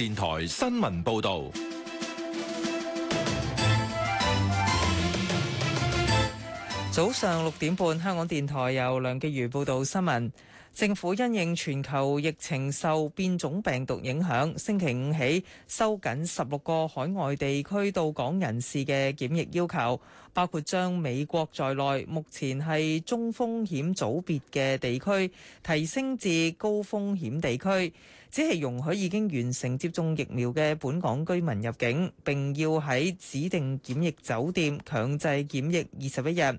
電台新聞報道。早上六點半，香港電台由梁潔如報道新聞。政府因應全球疫情受變種病毒影響，星期五起收緊十六個海外地區到港人士嘅檢疫要求，包括將美國在內目前係中風險組別嘅地區提升至高風險地區，只係容許已經完成接種疫苗嘅本港居民入境，並要喺指定檢疫酒店強制檢疫二十一日。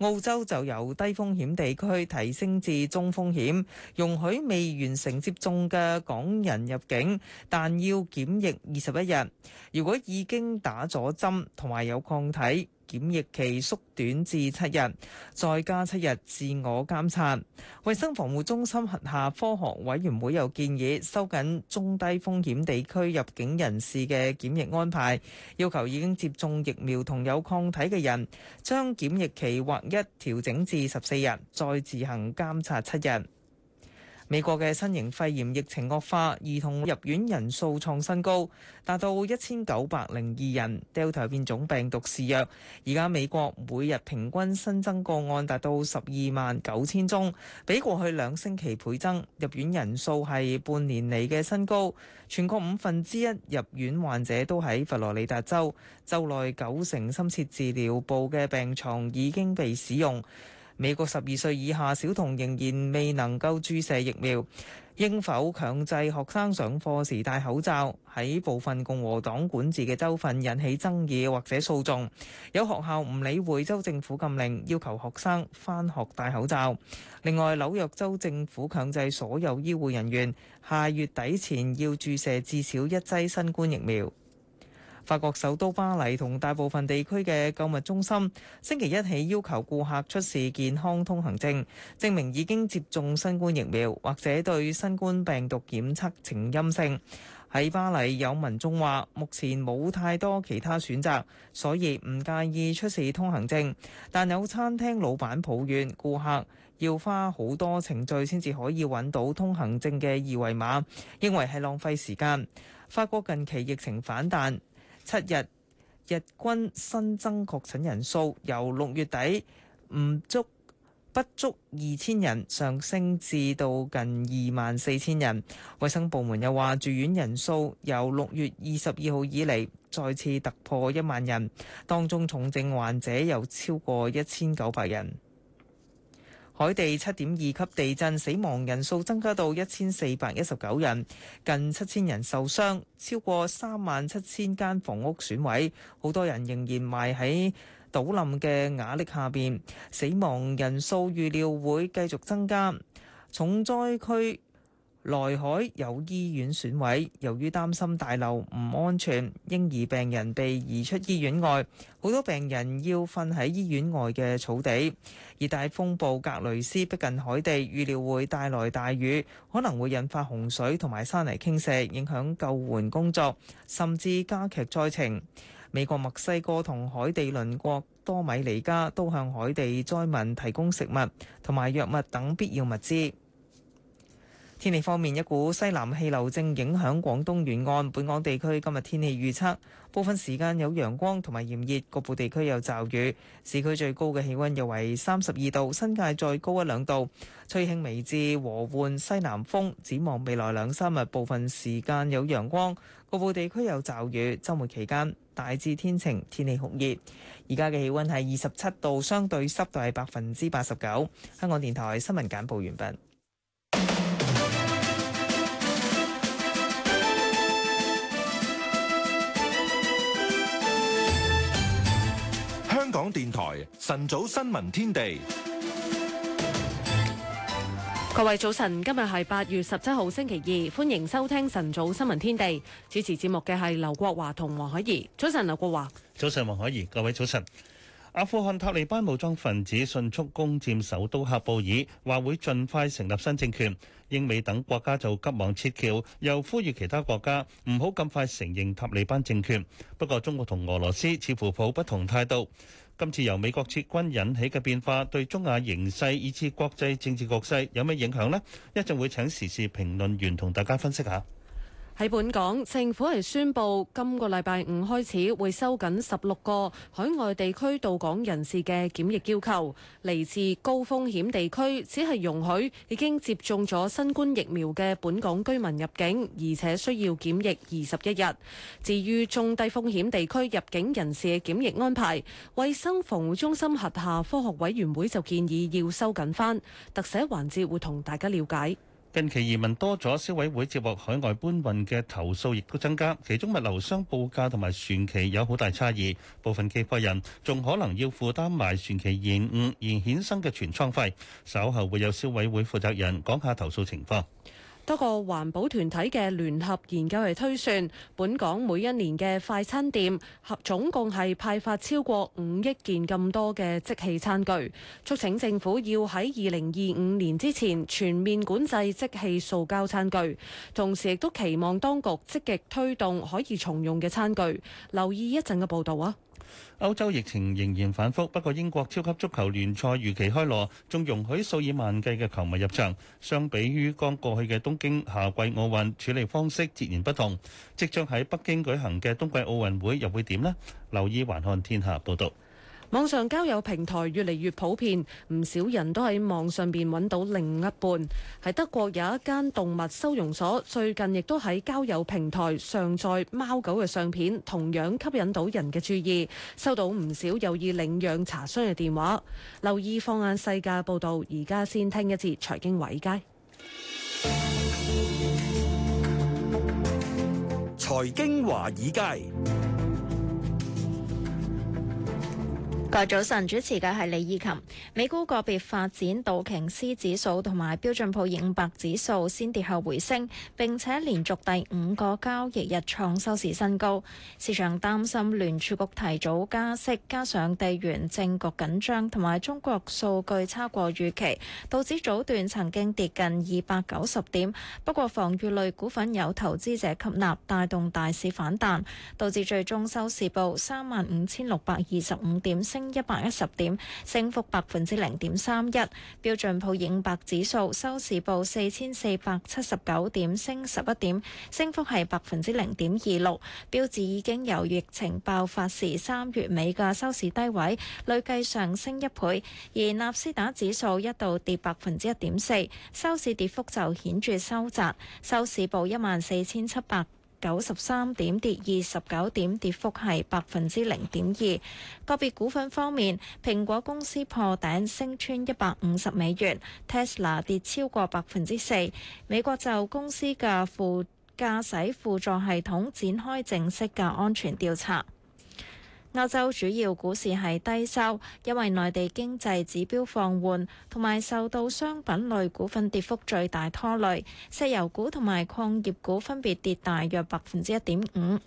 澳洲就由低風險地區提升至中風險，容許未完成接種嘅港人入境，但要檢疫二十一日。如果已經打咗針，同埋有抗體，檢疫期縮短至七日，再加七日自我監察。衛生防護中心轄下科學委員會又建議收緊中低風險地區入境人士嘅檢疫安排，要求已經接種疫苗同有抗體嘅人，將檢疫期劃一調整至十四日，再自行監察七日。美國嘅新型肺炎疫情惡化，兒童入院人數創新高，達到一千九百零二人。Delta 變種病毒肆虐，而家美國每日平均新增個案達到十二萬九千宗，比過去兩星期倍增。入院人數係半年嚟嘅新高，全國五分之一入院患者都喺佛羅里達州。州內九成深切治療部嘅病床已經被使用。美國十二歲以下小童仍然未能夠注射疫苗，應否強制學生上課時戴口罩？喺部分共和黨管治嘅州份引起爭議或者訴訟。有學校唔理會州政府禁令，要求學生返學戴口罩。另外，紐約州政府強制所有醫護人員下月底前要注射至少一劑新冠疫苗。法國首都巴黎同大部分地區嘅購物中心星期一起要求顧客出示健康通行證，證明已經接種新冠疫苗或者對新冠病毒檢測呈陰性。喺巴黎有民眾話，目前冇太多其他選擇，所以唔介意出示通行證。但有餐廳老闆抱怨顧客要花好多程序先至可以揾到通行證嘅二維碼，認為係浪費時間。法國近期疫情反彈。七日日均新增確診人數由六月底唔足不足二千人上升至到近二萬四千人，衛生部門又話住院人數由六月二十二號以嚟再次突破一萬人，當中重症患者有超過一千九百人。海地七點二級地震，死亡人數增加到一千四百一十九人，近七千人受傷，超過三萬七千間房屋損毀，好多人仍然埋喺倒冧嘅瓦礫下邊，死亡人數預料會繼續增加，重災區內海有醫院損毀，由於擔心大樓唔安全，嬰兒病人被移出醫院外，好多病人要瞓喺醫院外嘅草地。熱帶風暴格雷斯逼近海地，預料會帶來大雨，可能會引發洪水同埋山泥傾瀉，影響救援工作，甚至加劇災情。美國、墨西哥同海地鄰國多米尼加都向海地災民提供食物同埋藥物等必要物資。天氣方面，一股西南氣流正影響廣東沿岸本港地區。今日天氣預測部分時間有陽光同埋炎熱，局部地區有驟雨。市區最高嘅氣温約為三十二度，新界再高一兩度。吹輕微至和緩西南風。展望未來兩三日，部分時間有陽光，局部地區有驟雨。周末期間大致天晴，天氣酷熱。而家嘅氣温係二十七度，相對濕度係百分之八十九。香港電台新聞簡報完畢。電台晨早新聞天地，各位早晨，今日係八月十七號星期二，歡迎收聽晨早新聞天地。主持節目嘅係劉國華同黃海怡。早晨，劉國華。早晨，黃海怡。各位早晨。阿富汗塔利班武裝分子迅速攻佔首都喀布爾，話會盡快成立新政權。英美等國家就急忙撤僑，又呼籲其他國家唔好咁快承認塔利班政權。不過，中國同俄羅斯似乎抱不同態度。今次由美國撤軍引起嘅變化，對中亞形勢以至國際政治局勢有咩影響呢？一陣會請時事評論員同大家分析下。喺本港，政府係宣布今個禮拜五開始會收緊十六個海外地區到港人士嘅檢疫要求。嚟自高風險地區只係容許已經接種咗新冠疫苗嘅本港居民入境，而且需要檢疫二十一日。至於中低風險地區入境人士嘅檢疫安排，衛生防護中心轄下科學委員會就建議要收緊翻。特寫環節會同大家了解。近期移民多咗，消委會接獲海外搬運嘅投訴亦都增加，其中物流商報價同埋船期有好大差異，部分寄貨人仲可能要負擔埋船期延誤而衍生嘅存倉費，稍後會有消委會負責人講下投訴情況。多個環保團體嘅聯合研究係推算，本港每一年嘅快餐店合總共係派發超過五億件咁多嘅即棄餐具，促請政府要喺二零二五年之前全面管制即棄塑膠餐具，同時亦都期望當局積極推動可以重用嘅餐具。留意一陣嘅報導啊。歐洲疫情仍然反覆，不過英國超級足球聯賽如期開鑼，仲容許數以萬計嘅球迷入場。相比於剛過去嘅東京夏季奧運，處理方式截然不同。即將喺北京舉行嘅冬季奧運會又會點呢？留意《環看天下》報道。網上交友平台越嚟越普遍，唔少人都喺網上邊揾到另一半。喺德國有一間動物收容所，最近亦都喺交友平台上載貓狗嘅相片，同樣吸引到人嘅注意，收到唔少有意領養查詢嘅電話。留意放眼世界報道，而家先聽一節財經華爾街。財經華爾街。財經華爾街各位早晨，主持嘅係李以琴。美股個別發展，道瓊斯指數同埋標準普爾五百指數先跌後回升，並且連續第五個交易日創收市新高。市場擔心聯儲局提早加息，加上地緣政局緊張同埋中國數據差過預期，導致早段曾經跌近二百九十點。不過防御類股份有投資者吸納，帶動大市反彈，導致最終收市報三萬五千六百二十五點升。一百一十點，升幅百分之零點三一。標準普爾五百指數收市報四千四百七十九點，升十一點，升幅係百分之零點二六。標指已經由疫情爆發時三月尾嘅收市低位，累計上升一倍。而納斯達指數一度跌百分之一點四，收市跌幅就顯著收窄，收市報一萬四千七百。九十三點跌二十九點，跌幅係百分之零點二。個別股份方面，蘋果公司破頂升穿一百五十美元，Tesla 跌超過百分之四。美國就公司嘅副駕駛輔助系統展開正式嘅安全調查。歐洲主要股市係低收，因為內地經濟指標放緩，同埋受到商品類股份跌幅最大拖累，石油股同埋礦業股分別跌大約百分之一點五。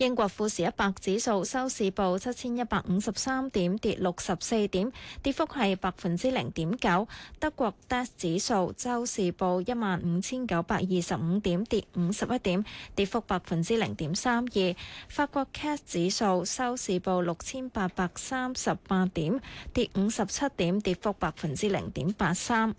英國富時一百指數收市報七千一百五十三點，跌六十四點，跌幅係百分之零點九。德國 DAX 指數收市報一萬五千九百二十五點，跌五十一點，跌幅百分之零點三二。法國 CAC 指數收市報六千八百三十八點，跌五十七點，跌幅百分之零點八三。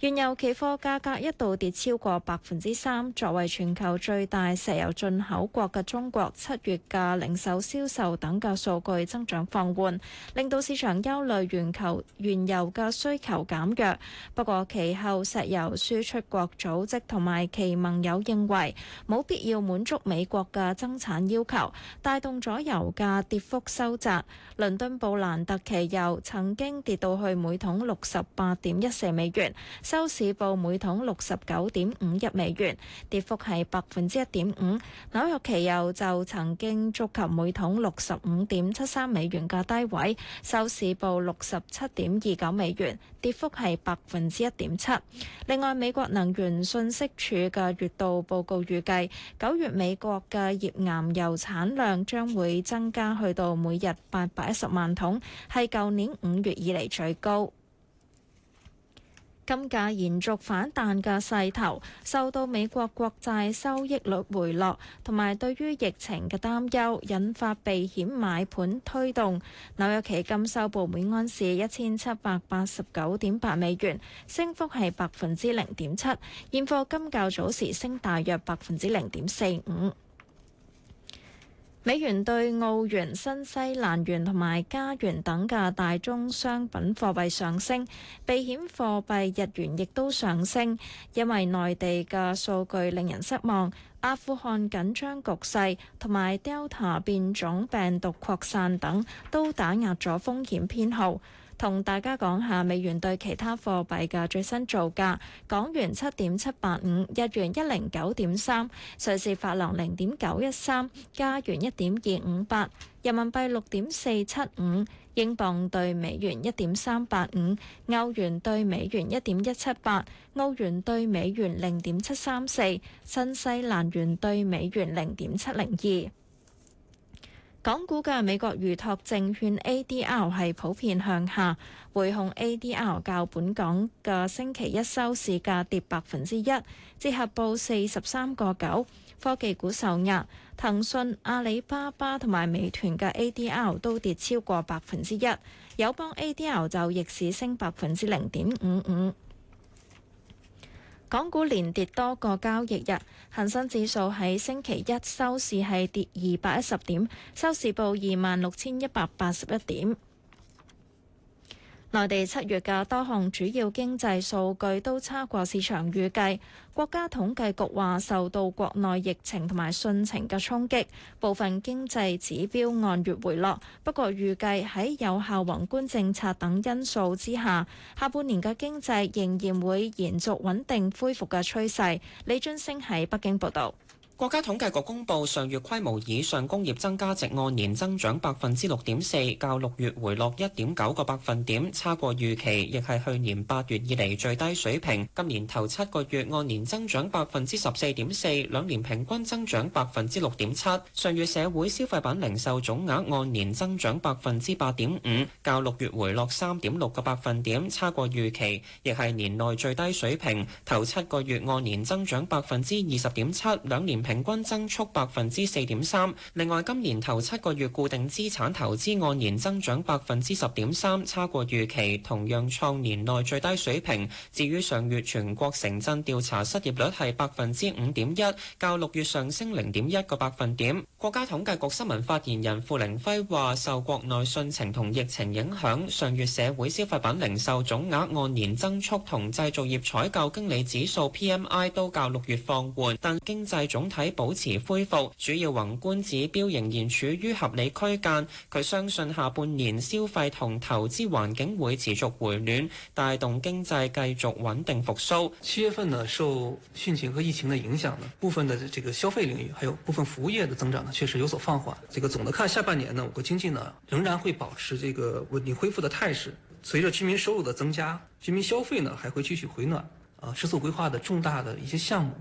原油期貨價格一度跌超過百分之三。作為全球最大石油進口國嘅中國七月嘅零售銷售等嘅數據增長放緩，令到市場憂慮全球原油嘅需求減弱。不過其後石油輸出國組織同埋其盟友認為冇必要滿足美國嘅增產要求，帶動咗油價跌幅收窄。倫敦布蘭特期油曾經跌到去每桶六十八點一四美元。收市報每桶六十九點五一美元，跌幅係百分之一點五。紐約期油就曾經觸及每桶六十五點七三美元嘅低位，收市報六十七點二九美元，跌幅係百分之一點七。另外，美國能源信息署嘅月度報告預計，九月美國嘅頁岩油產量將會增加去到每日八百一十萬桶，係舊年五月以嚟最高。金價延續反彈嘅勢頭，受到美國國債收益率回落同埋對於疫情嘅擔憂，引發避險買盤推動。紐約期金收報每安士一千七百八十九點八美元，升幅係百分之零點七。現貨金較早時升大約百分之零點四五。美元對澳元、新西蘭元同埋加元等嘅大宗商品貨幣上升，避險貨幣日元亦都上升，因為內地嘅數據令人失望，阿富汗緊張局勢同埋 Delta 變種病毒擴散等都打壓咗風險偏好。同大家講下美元對其他貨幣嘅最新造價：港元七點七八五，日元一零九點三，瑞士法郎零點九一三，加元一點二五八，人民幣六點四七五，英鎊對美元一點三八五，歐元對美元一點一七八，歐元對美元零點七三四，新西蘭元對美元零點七零二。港股嘅美國預託證券 A D R 係普遍向下，匯控 A D R 較本港嘅星期一收市價跌百分之一，折合報四十三個九。科技股受壓，騰訊、阿里巴巴同埋美團嘅 A D R 都跌超過百分之一，友邦 A D R 就逆市升百分之零點五五。港股連跌多個交易日，恒生指數喺星期一收市係跌二百一十點，收市報二萬六千一百八十一點。內地七月嘅多項主要經濟數據都差過市場預計。國家統計局話，受到國內疫情同埋汛情嘅衝擊，部分經濟指標按月回落。不過，預計喺有效宏觀政策等因素之下，下半年嘅經濟仍然會延續穩定恢復嘅趨勢。李津星喺北京報道。國家統計局公布上月規模以上工業增加值按年增長百分之六點四，較六月回落一點九個百分點，差過預期，亦係去年八月以嚟最低水平。今年頭七個月按年增長百分之十四點四，兩年平均增長百分之六點七。上月社會消費品零售總額按年增長百分之八點五，較六月回落三點六個百分點，差過預期，亦係年內最低水平。頭七個月按年增長百分之二十點七，兩年。平均增速百分之四點三，另外今年頭七個月固定資產投資按年增長百分之十點三，差過預期，同樣創年內最低水平。至於上月全國城鎮調查失業率係百分之五點一，較六月上升零點一個百分點。國家統計局新聞發言人傅凌輝話，受國內汛情同疫情影響，上月社會消費品零售總額按年增速同製造業採購經理指數 PMI 都較六月放緩，但經濟總體。喺保持恢復，主要宏觀指標仍然處於合理區間。佢相信下半年消費同投資環境會持續回暖，帶動經濟繼續穩定復蘇。七月份呢，受汛情和疫情的影響呢，部分的這個消費領域，還有部分服務業的增長呢，確實有所放緩。這個總的看下半年呢，我國經濟呢仍然會保持這個穩定恢復的態勢。隨着居民收入的增加，居民消費呢還會繼續回暖。啊，十四五規劃的重大的一些項目。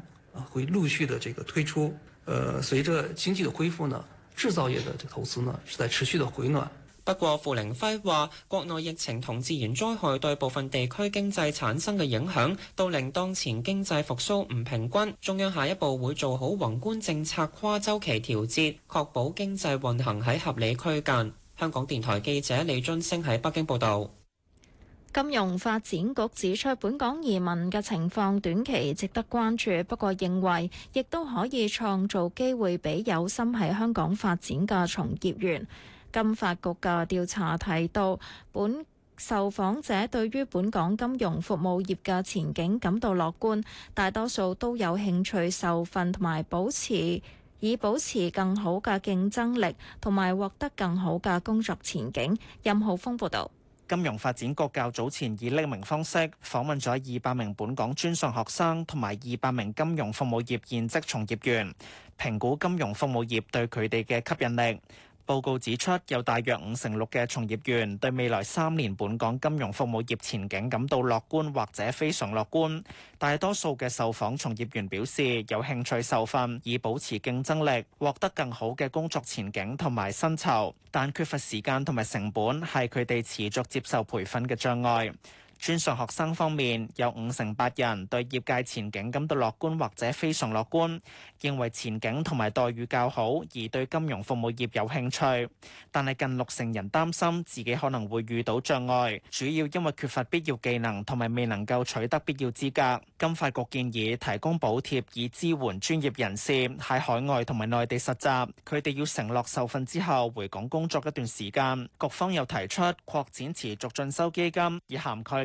會陸續的這個推出，呃，隨着經濟的恢復呢，製造業的這個投資呢是在持續的回暖。不過，傅玲輝話：國內疫情同自然災害對部分地區經濟產生嘅影響，都令當前經濟復甦唔平均。中央下一步會做好宏觀政策跨週期調節，確保經濟運行喺合理區間。香港電台記者李津升喺北京報道。金融發展局指出，本港移民嘅情況短期值得關注，不過認為亦都可以創造機會俾有心喺香港發展嘅從業員。金發局嘅調查提到，本受訪者對於本港金融服務業嘅前景感到樂觀，大多數都有興趣受訓同埋保持以保持更好嘅競爭力，同埋獲得更好嘅工作前景。任浩峯報道。金融發展局較早前以匿名方式訪問咗二百名本港專上學生同埋二百名金融服務業現職從業員，評估金融服務業對佢哋嘅吸引力。報告指出，有大約五成六嘅從業員對未來三年本港金融服務業前景感到樂觀或者非常樂觀。大多數嘅受訪從業員表示，有興趣受訓，以保持競爭力，獲得更好嘅工作前景同埋薪酬，但缺乏時間同埋成本係佢哋持續接受培訓嘅障礙。專上學生方面，有五成八人對業界前景感到樂觀或者非常樂觀，認為前景同埋待遇較好而對金融服務業有興趣。但係近六成人擔心自己可能會遇到障礙，主要因為缺乏必要技能同埋未能夠取得必要資格。金發局建議提供補貼以支援專業人士喺海外同埋內地實習，佢哋要承諾受訓之後回港工作一段時間。局方又提出擴展持續進修基金，以涵蓋。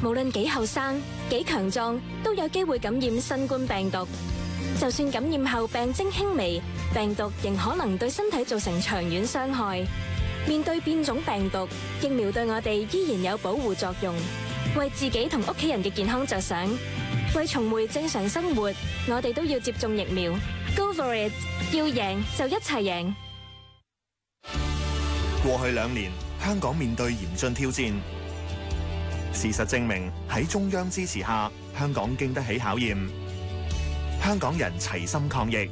無論幾後生、幾強壯，都有機會感染新冠病毒。就算感染後病徵輕微，病毒仍可能對身體造成長遠傷害。面對變種病毒，疫苗對我哋依然有保護作用。為自己同屋企人嘅健康着想，為重回正常生活，我哋都要接種疫苗。Go for it！要贏就一齊贏。過去兩年，香港面對嚴峻挑戰。事實證明，喺中央支持下，香港經得起考驗。香港人齊心抗疫，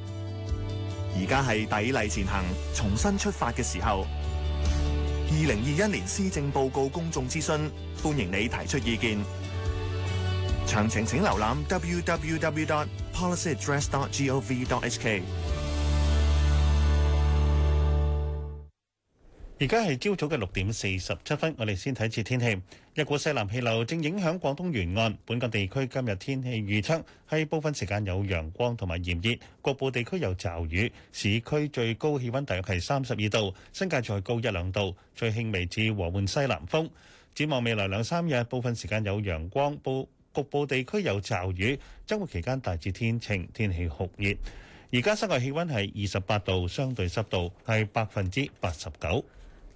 而家係砥礪前行、重新出發嘅時候。二零二一年施政報告公眾諮詢，歡迎你提出意見。詳情請瀏覽 www.policyaddress.gov.hk。而家係朝早嘅六點四十七分，我哋先睇次天氣。一股西南氣流正影響廣東沿岸，本港地區今日天氣預測係部分時間有陽光同埋炎熱，局部地區有驟雨。市區最高氣温大約係三十二度，新界再高一兩度。最輕微至和緩西南風。展望未來兩三日，部分時間有陽光，部局部地區有驟雨。周末期間大致天晴，天氣酷熱。而家室外氣温係二十八度，相對濕度係百分之八十九。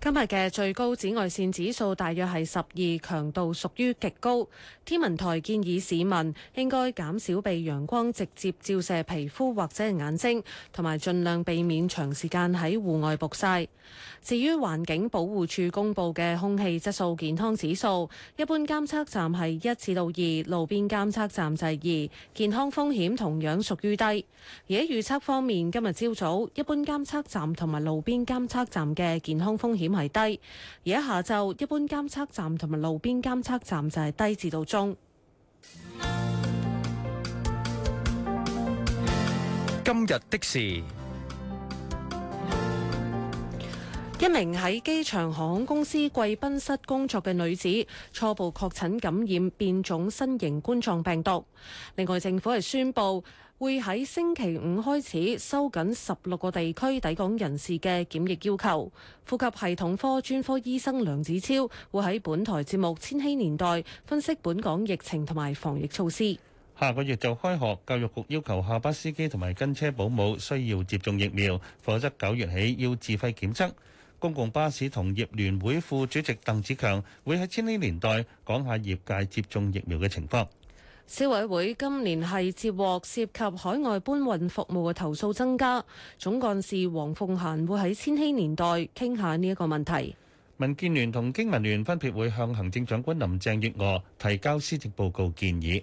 今日嘅最高紫外線指數大約係十二，強度屬於極高。天文台建議市民應該減少被陽光直接照射皮膚或者眼睛，同埋盡量避免長時間喺戶外曝曬。至於環境保護署公布嘅空氣質素健康指數，一般監測站係一至到二，路邊監測站就二，健康風險同樣屬於低。而喺預測方面，今日朝早一般監測站同埋路邊監測站嘅健康風險。係低，而喺下晝，一般監測站同埋路邊監測站就係低至到中。今日的事，一名喺機場航空公司貴賓室工作嘅女子初步確診感染變種新型冠狀病毒。另外，政府係宣布。會喺星期五開始收緊十六個地區抵港人士嘅檢疫要求。呼吸系統科專科醫生梁子超會喺本台節目《千禧年代》分析本港疫情同埋防疫措施。下個月就開學，教育局要求校巴司機同埋跟車保姆需要接種疫苗，否則九月起要自費檢測。公共巴士同業聯會副主席鄧子強會喺《千禧年代》講下業界接種疫苗嘅情況。消委會今年係接獲涉及海外搬運服務嘅投訴增加，總幹事黃鳳嫻會喺千禧年代傾下呢一個問題。民建聯同經民聯分別會向行政長官林鄭月娥提交施政報告建議。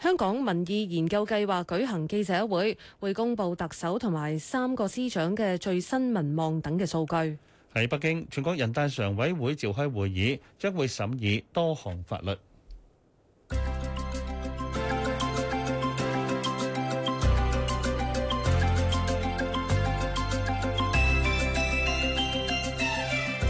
香港民意研究計劃舉行記者會，會公布特首同埋三個司長嘅最新民望等嘅數據。喺北京，全國人大常委會召開會議，將會審議多項法律。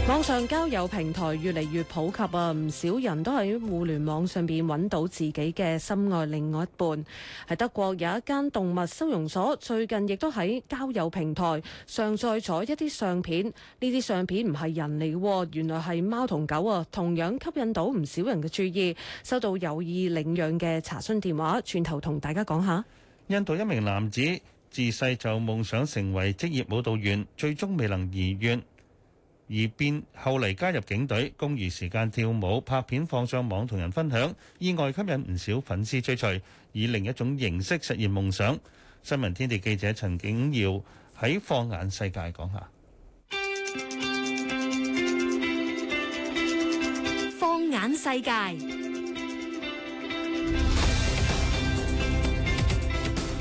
網上交友平台越嚟越普及啊！唔少人都喺互聯網上邊揾到自己嘅心愛另外一半。喺德國有一間動物收容所，最近亦都喺交友平台上載咗一啲相片。呢啲相片唔係人嚟嘅，原來係貓同狗啊，同樣吸引到唔少人嘅注意，收到有意領養嘅查詢電話。轉頭同大家講下。印度一名男子自細就夢想成為職業舞蹈員，最終未能如願。而變後嚟加入警隊，工餘時間跳舞拍片放上網同人分享，意外吸引唔少粉絲追隨，以另一種形式實現夢想。新聞天地記者陳景耀喺《放眼世界》講下《放眼世界》。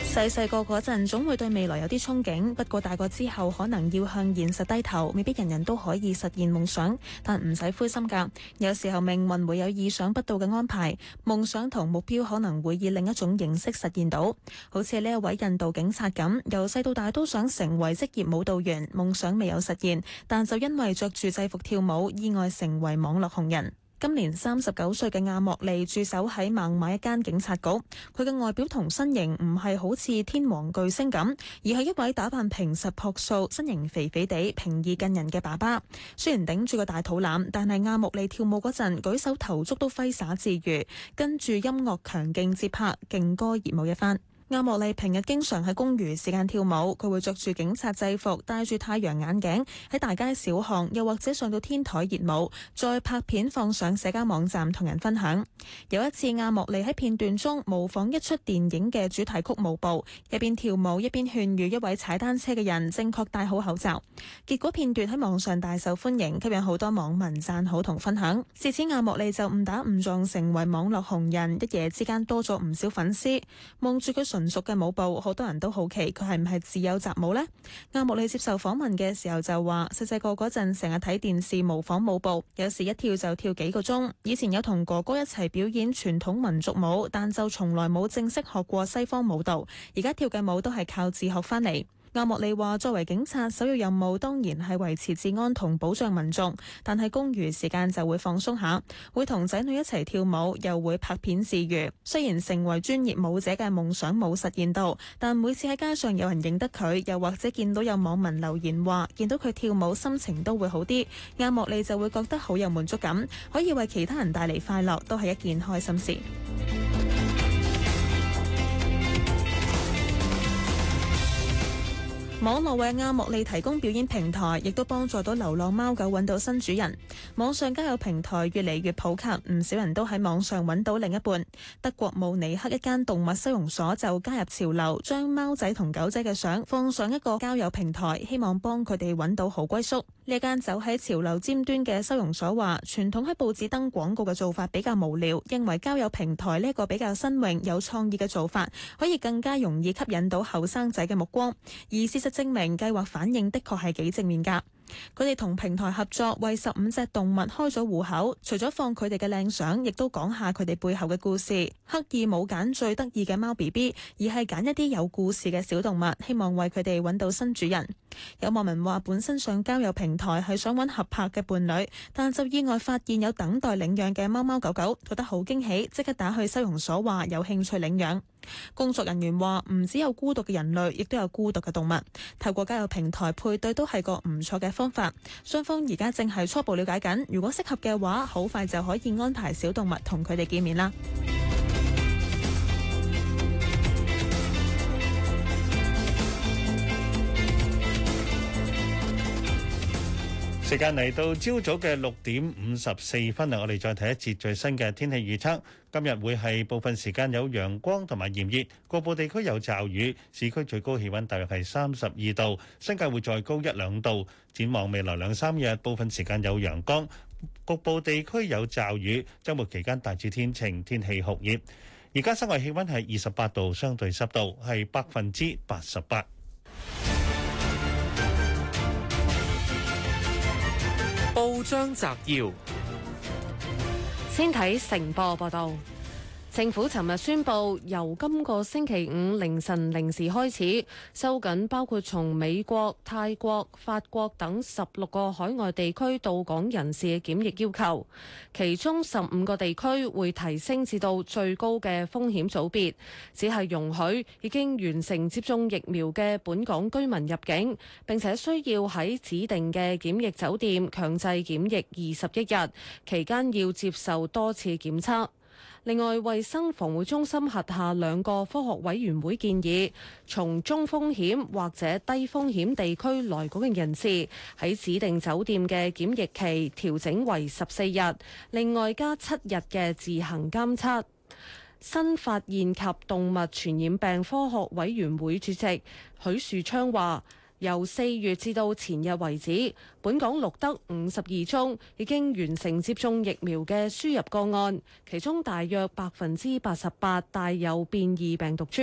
細細個嗰陣總會對未來有啲憧憬，不過大個之後可能要向現實低頭，未必人人都可以實現夢想。但唔使灰心㗎，有時候命運會有意想不到嘅安排，夢想同目標可能會以另一種形式實現到。好似呢一位印度警察咁，由細到大都想成為職業舞蹈員，夢想未有實現，但就因為着住制服跳舞，意外成為網絡紅人。今年三十九歲嘅亞莫莉駐守喺孟買一間警察局，佢嘅外表同身形唔係好似天王巨星咁，而係一位打扮平實樸素、身形肥肥地、平易近人嘅爸爸。雖然頂住個大肚腩，但係亞莫莉跳舞嗰陣，舉手投足都揮灑自如，跟住音樂強勁節拍，勁歌熱舞一番。阿莫莉平日經常喺公餘時間跳舞，佢會着住警察制服，戴住太陽眼鏡，喺大街小巷，又或者上到天台熱舞，再拍片放上社交網站同人分享。有一次，阿莫莉喺片段中模仿一出電影嘅主題曲舞步，一邊跳舞一邊勸喻一位踩單車嘅人正確戴好口罩。結果片段喺網上大受歡迎，吸引好多網民讚好同分享。自此，阿莫莉就誤打誤撞成為網絡紅人，一夜之間多咗唔少粉絲。望住佢民族嘅舞步，好多人都好奇佢係唔係自幼習舞咧？阿木莉接受訪問嘅時候就話，細細個嗰陣成日睇電視模仿舞步，有時一跳就跳幾個鐘。以前有同哥哥一齊表演傳統民族舞，但就從來冇正式學過西方舞蹈。而家跳嘅舞都係靠自學翻嚟。阿莫利話：作為警察，首要任務當然係維持治安同保障民眾，但係工餘時間就會放鬆下，會同仔女一齊跳舞，又會拍片自娛。雖然成為專業舞者嘅夢想冇實現到，但每次喺街上有人認得佢，又或者見到有網民留言話見到佢跳舞，心情都會好啲，阿莫利就會覺得好有滿足感，可以為其他人帶嚟快樂，都係一件開心事。網絡為阿莫利提供表演平台，亦都幫助到流浪貓狗揾到新主人。網上交友平台越嚟越普及，唔少人都喺網上揾到另一半。德國慕尼黑一間動物收容所就加入潮流，將貓仔同狗仔嘅相放上一個交友平台，希望幫佢哋揾到好歸宿。呢間走喺潮流尖端嘅收容所話，傳統喺報紙登廣告嘅做法比較無聊，認為交友平台呢一個比較新穎、有創意嘅做法，可以更加容易吸引到後生仔嘅目光。而事實。證明計劃反應的確係幾正面㗎。佢哋同平台合作，為十五隻動物開咗戶口，除咗放佢哋嘅靚相，亦都講下佢哋背後嘅故事。刻意冇揀最得意嘅貓 BB，而係揀一啲有故事嘅小動物，希望為佢哋揾到新主人。有網民話本身上交友平台係想揾合拍嘅伴侶，但就意外發現有等待領養嘅貓貓狗狗，覺得好驚喜，即刻打去收容所話有興趣領養。工作人員話唔只有孤獨嘅人類，亦都有孤獨嘅動物，透過交友平台配對都係個唔錯嘅方法，雙方而家正係初步了解緊，如果適合嘅話，好快就可以安排小動物同佢哋見面啦。時間嚟到朝早嘅六點五十四分啊！我哋再睇一節最新嘅天氣預測。今日會係部分時間有陽光同埋炎熱，局部地區有驟雨。市區最高氣温大約係三十二度，新界會再高一兩度。展望未來兩三日，部分時間有陽光，局部地區有驟雨。周末期間大致天晴，天氣酷熱。而家室外氣温係二十八度，相對濕度係百分之八十八。報章摘要：先睇《成報》報道。政府尋日宣布，由今個星期五凌晨零時開始，收緊包括從美國、泰國、法國等十六個海外地區到港人士嘅檢疫要求。其中十五個地區會提升至到最高嘅風險組別，只係容許已經完成接種疫苗嘅本港居民入境，並且需要喺指定嘅檢疫酒店強制檢疫二十一日，期間要接受多次檢測。另外，衞生防護中心轄下兩個科學委員會建議，從中風險或者低風險地區來港嘅人士喺指定酒店嘅檢疫期調整為十四日，另外加七日嘅自行監測。新發現及動物傳染病科學委員會主席許樹昌話。由四月至到前日為止，本港錄得五十二宗已經完成接種疫苗嘅輸入個案，其中大約百分之八十八帶有變異病毒株，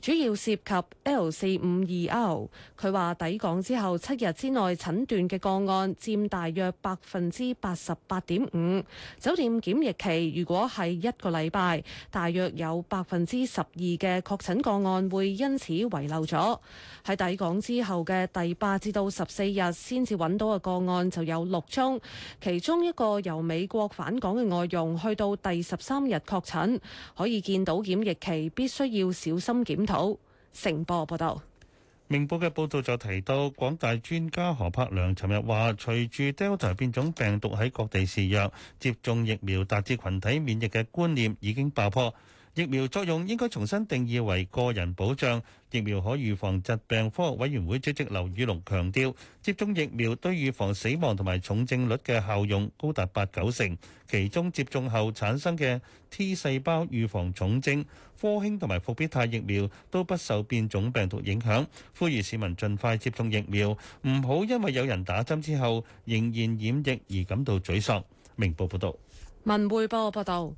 主要涉及 L 四五二 R。佢話抵港之後七日之內診斷嘅個案佔大約百分之八十八點五。酒店檢疫期如果係一個禮拜，大約有百分之十二嘅確診個案會因此遺漏咗。喺抵港之後嘅第八至到十四日先至搵到嘅個案就有六宗，其中一個由美國返港嘅外傭去到第十三日確診，可以見到檢疫期必須要小心檢討。成報報道，明報嘅報道就提到，廣大專家何柏良尋日話隨住 Delta 變種病毒喺各地肆虐，接種疫苗達至群體免疫嘅觀念已經爆破。疫苗作用應該重新定義為個人保障。疫苗可預防疾病。科學委員會主席劉宇龍強調，接種疫苗對預防死亡同埋重症率嘅效用高達八九成，其中接種後產生嘅 T 細胞預防重症，科興同埋復必泰疫苗都不受變種病毒影響。呼籲市民盡快接種疫苗，唔好因為有人打針之後仍然染疫而感到沮喪。明報報道，文匯報報道。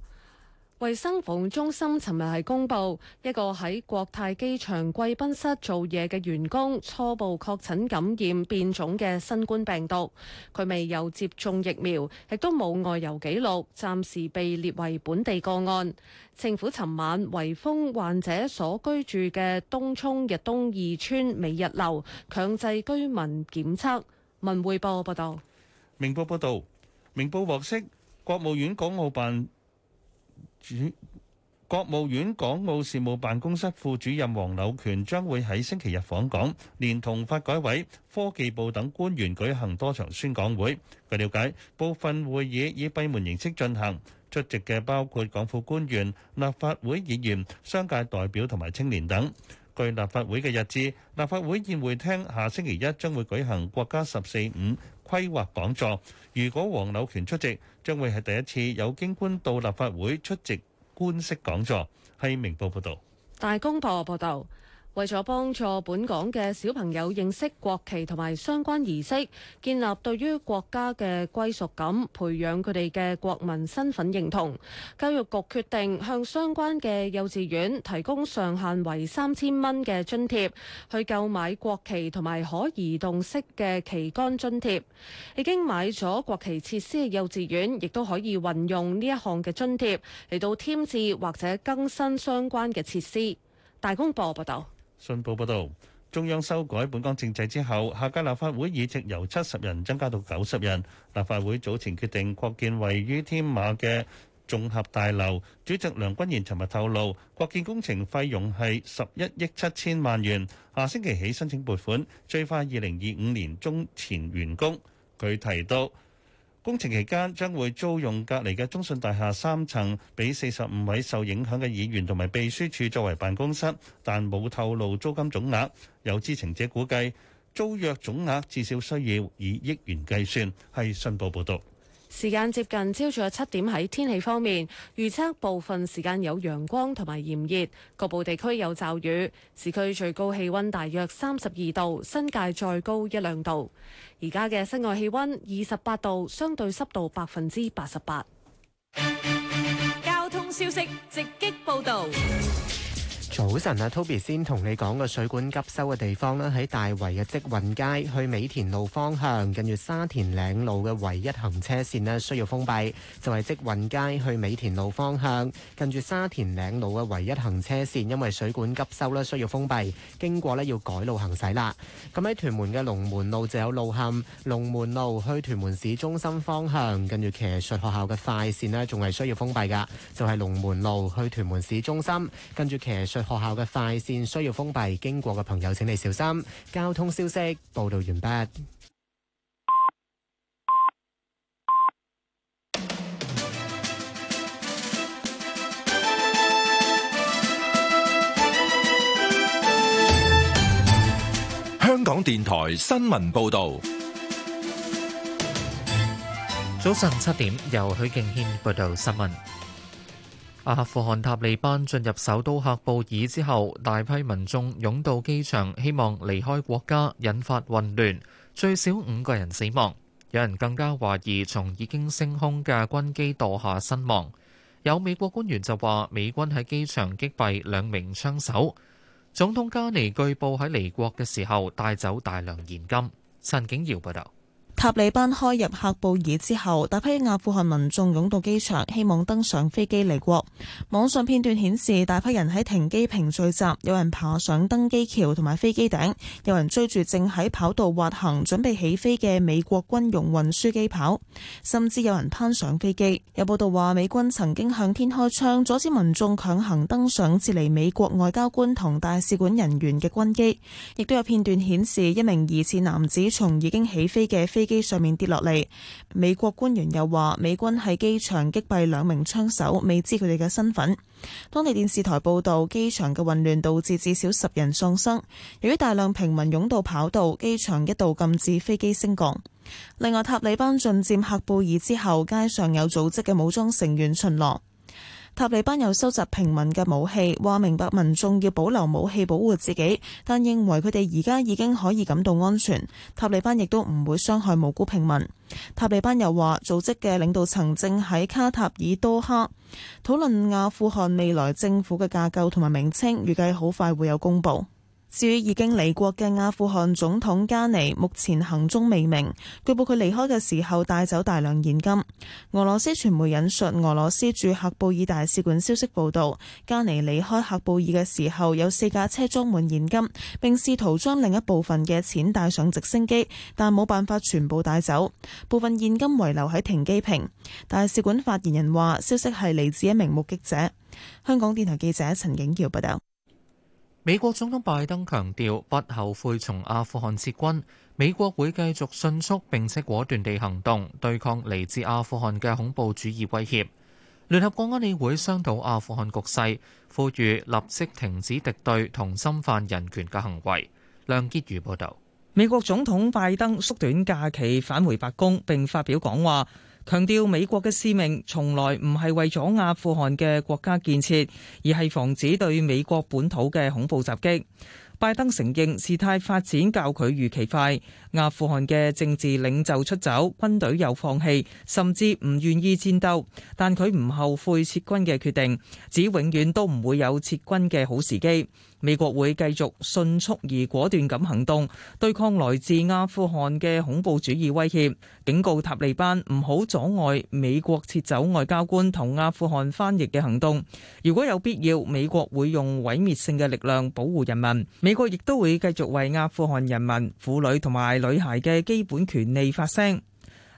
衛生防護中心尋日係公布一個喺國泰機場貴賓室做嘢嘅員工初步確診感染變種嘅新冠病毒，佢未有接種疫苗，亦都冇外遊記錄，暫時被列為本地個案。政府尋晚圍封患者所居住嘅東涌日東二村美日樓，強制居民檢測。文匯報報道。明報報道，明報獲悉，國務院港澳辦。主國務院港澳事務辦公室副主任黃柳權將會喺星期日訪港，連同發改委、科技部等官員舉行多場宣講會。據瞭解，部分會議以閉門形式進行，出席嘅包括港府官員、立法會議員、商界代表同埋青年等。據立法會嘅日誌，立法會宴會廳下星期一將會舉行國家十四五。規劃講座，如果黃柳權出席，將會係第一次有京官到立法會出席官式講座。係明報報導，大公報報道。為咗幫助本港嘅小朋友認識國旗同埋相關儀式，建立對於國家嘅歸屬感，培養佢哋嘅國民身份認同，教育局決定向相關嘅幼稚園提供上限為三千蚊嘅津貼，去購買國旗同埋可移動式嘅旗杆津貼。已經買咗國旗設施嘅幼稚園，亦都可以運用呢一項嘅津貼嚟到添置或者更新相關嘅設施。大公報報道。信報報道，中央修改本港政制之後，下屆立法會議席由七十人增加到九十人。立法會早前決定擴建位於天馬嘅綜合大樓，主席梁君彥尋日透露，擴建工程費用係十一億七千萬元，下星期起申請撥款，最快二零二五年中前完工。佢提到。工程期間將會租用隔離嘅中信大廈三層，俾四十五位受影響嘅議員同埋秘書處作為辦公室，但冇透露租金總額。有知情者估計，租約總額至少需要以億元計算。係信報報道。時間接近朝早七點，喺天氣方面，預測部分時間有陽光同埋炎熱，局部地區有驟雨。市區最高氣溫大約三十二度，新界再高一兩度。而家嘅室外氣溫二十八度，相對濕度百分之八十八。交通消息直擊報道。早晨啊，Toby 先同你講個水管急修嘅地方啦。喺大圍嘅積運街去美田路方向，近住沙田嶺路嘅唯一行車線咧，需要封閉，就係積運街去美田路方向，近住沙田嶺路嘅唯一行車線，因為水管急修咧，需要封閉，經過咧，要改路行駛啦。咁喺屯門嘅龍門路就有路陷，龍門路去屯門市中心方向，跟住騎術學校嘅快線咧，仲係需要封閉噶，就係龍門路去屯門市中心，跟住騎術。學校嘅快線需要封閉，經過嘅朋友請你小心。交通消息報道完畢。香港電台新聞報道。早上七點，由許敬軒報道新聞。阿富汗塔利班進入首都喀布爾之後，大批民眾湧到機場，希望離開國家，引發混亂，最少五個人死亡。有人更加懷疑從已經升空嘅軍機墮下身亡。有美國官員就話，美軍喺機場擊斃兩名槍手。總統加尼據報喺離國嘅時候帶走大量現金。陳景堯報道。拜拜塔利班開入喀布爾之後，大批阿富汗民眾湧到機場，希望登上飛機離國。網上片段顯示大批人喺停機坪聚集，有人爬上登機橋同埋飛機頂，有人追住正喺跑道滑行準備起飛嘅美國軍用運輸機跑，甚至有人攀上飛機。有報道話，美軍曾經向天開槍，阻止民眾強行登上撤離美國外交官同大使館人員嘅軍機。亦都有片段顯示一名疑似男子從已經起飛嘅飛機上面跌落嚟。美國官員又話，美軍喺機場擊斃兩名槍手，未知佢哋嘅身份。當地電視台報道，機場嘅混亂導致至少十人喪生。由於大量平民湧到跑道，機場一度禁止飛機升降。另外，塔利班進佔喀布爾之後，街上有組織嘅武裝成員巡邏。塔利班又收集平民嘅武器，話明白民眾要保留武器保護自己，但認為佢哋而家已經可以感到安全。塔利班亦都唔會傷害無辜平民。塔利班又話，組織嘅領導層正喺卡塔爾多哈討論阿富汗未來政府嘅架構同埋名稱，預計好快會有公布。至於已經離國嘅阿富汗總統加尼，目前行蹤未明。據報佢離開嘅時候帶走大量現金。俄羅斯傳媒引述俄羅斯駐喀布爾大使館消息報道，加尼離開喀布爾嘅時候有四架車裝滿現金，並試圖將另一部分嘅錢帶上直升機，但冇辦法全部帶走，部分現金遺留喺停機坪。大使館發言人話：消息係嚟自一名目擊者。香港電台記者陳景耀報道。美國總統拜登強調不後悔從阿富汗撤軍，美國會繼續迅速，並且果斷地行動，對抗嚟自阿富汗嘅恐怖主義威脅。聯合國安理會商討阿富汗局勢，呼籲立即停止敵對同侵犯人權嘅行為。梁潔如報道，美國總統拜登縮短假期返回白宮，並發表講話。強調美國嘅使命從來唔係為咗阿富汗嘅國家建設，而係防止對美國本土嘅恐怖襲擊。拜登承認事態發展較佢預期快，阿富汗嘅政治領袖出走，軍隊又放棄，甚至唔願意戰鬥。但佢唔後悔撤軍嘅決定，指永遠都唔會有撤軍嘅好時機。美國會繼續迅速而果斷咁行動，對抗來自阿富汗嘅恐怖主義威脅，警告塔利班唔好阻礙美國撤走外交官同阿富汗翻譯嘅行動。如果有必要，美國會用毀滅性嘅力量保護人民。美國亦都會繼續為阿富汗人民、婦女同埋女孩嘅基本權利發聲。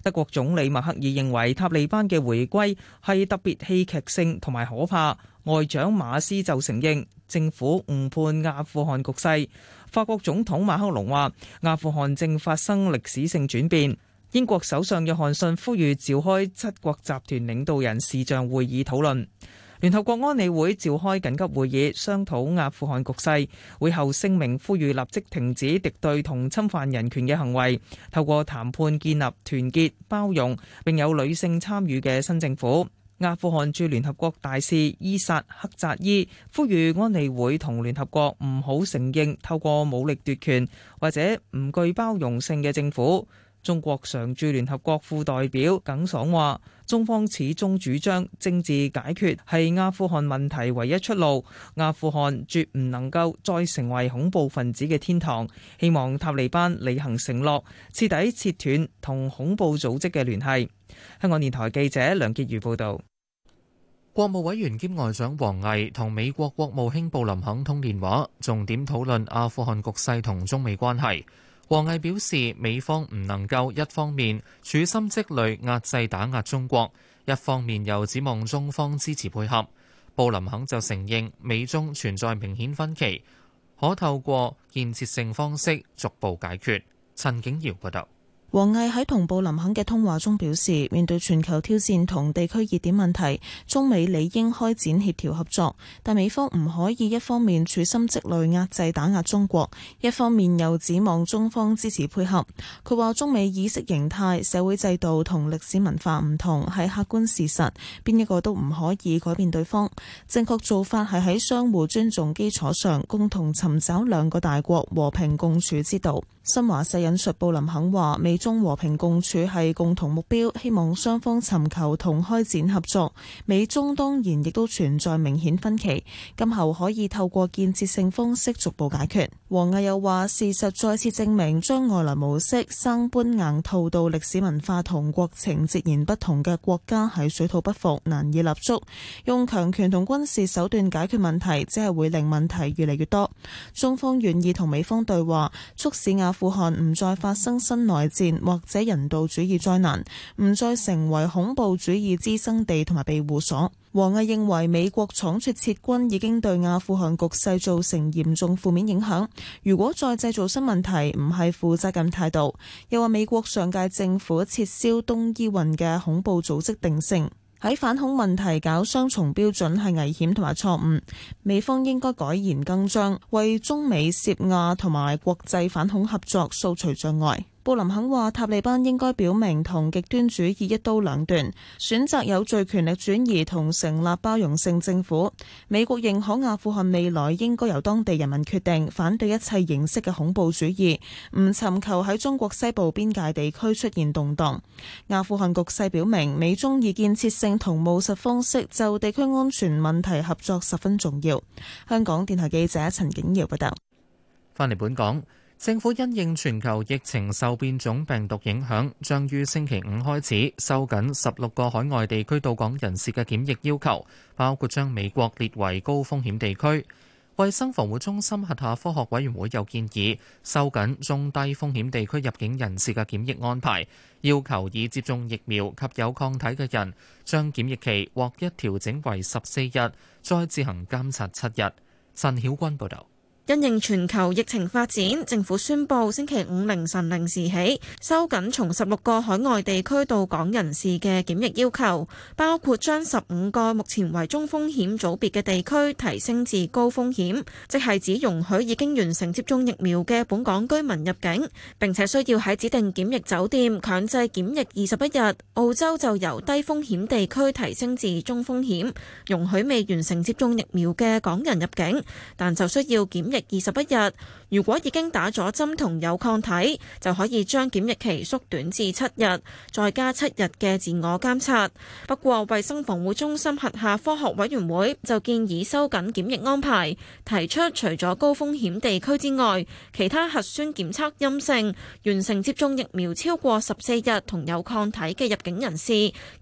德國總理默克爾認為塔利班嘅回歸係特別戲劇性同埋可怕。外長馬斯就承認政府誤判阿富汗局勢。法國總統馬克龍話：阿富汗正發生歷史性轉變。英國首相約翰遜呼籲召開七國集團領導人視像會議，討論。聯合國安理會召開緊急會議商討阿富汗局勢，會後聲明呼籲立即停止敵對同侵犯人權嘅行為，透過談判建立團結包容並有女性參與嘅新政府。阿富汗駐聯合國大使伊薩克扎伊呼籲安理會同聯合國唔好承認透過武力奪權或者唔具包容性嘅政府。中國常駐聯合國副代表耿爽話，中方始終主張政治解決係阿富汗問題唯一出路。阿富汗絕唔能夠再成為恐怖分子嘅天堂。希望塔利班履行承諾，徹底切斷同恐怖組織嘅聯繫。香港電台記者梁潔如報道。國務委員王毅喺同布林肯嘅通話中表示，面對全球挑戰同地區熱點問題，中美理應開展協調合作。但美方唔可以一方面處心積慮壓制打壓中國，一方面又指望中方支持配合。佢話中美意識形態、社會制度同歷史文化唔同係客觀事實，邊一個都唔可以改變對方。正確做法係喺相互尊重基礎上，共同尋找兩個大國和平共處之道。新華社引述布林肯話：美中和平共處係共同目標，希望雙方尋求同開展合作。美中當然亦都存在明顯分歧，今後可以透過建設性方式逐步解決。王毅又話：事實再次證明，將外來模式生搬硬套到歷史文化同國情截然不同嘅國家係水土不服，難以立足。用強權同軍事手段解決問題，只係會令問題越嚟越多。中方願意同美方對話，促使亞。阿富汗唔再發生新內戰或者人道主義災難，唔再成為恐怖主義滋生地同埋庇護所。王毅認為美國倉促撤軍已經對阿富汗局勢造成嚴重負面影響，如果再製造新問題，唔係負責任態度。又話美國上屆政府撤銷東伊運嘅恐怖組織定性，喺反恐問題搞雙重標準係危險同埋錯誤，美方應該改弦更張，為中美涉亞同埋國際反恐合作掃除障礙。布林肯話：塔利班應該表明同極端主義一刀兩斷，選擇有序權力轉移同成立包容性政府。美國認可阿富汗未來應該由當地人民決定，反對一切形式嘅恐怖主義，唔尋求喺中國西部邊界地區出現動盪。阿富汗局勢表明，美中以建設性同務實方式就地區安全問題合作十分重要。香港電台記者陳景瑤報道。翻嚟本港。政府因應全球疫情受變種病毒影響，將於星期五開始收緊16個海外地區到港人士嘅檢疫要求，包括將美國列為高風險地區。衛生防護中心轄下科學委員會有建議，收緊中低風險地區入境人士嘅檢疫安排，要求已接種疫苗及有抗體嘅人，將檢疫期劃一調整為14日，再自行監察7日。陳曉君報導。因應全球疫情發展，政府宣布星期五凌晨零時起，收緊從十六個海外地區到港人士嘅檢疫要求，包括將十五個目前為中風險組別嘅地區提升至高風險，即係指容許已經完成接種疫苗嘅本港居民入境，並且需要喺指定檢疫酒店強制檢疫二十一日。澳洲就由低風險地區提升至中風險，容許未完成接種疫苗嘅港人入境，但就需要檢疫二十一日，如果已經打咗針同有抗體，就可以將檢疫期縮短至七日，再加七日嘅自我監察。不過，衛生防護中心轄下科學委員會就建議收緊檢疫安排，提出除咗高風險地區之外，其他核酸檢測陰性、完成接種疫苗超過十四日同有抗體嘅入境人士，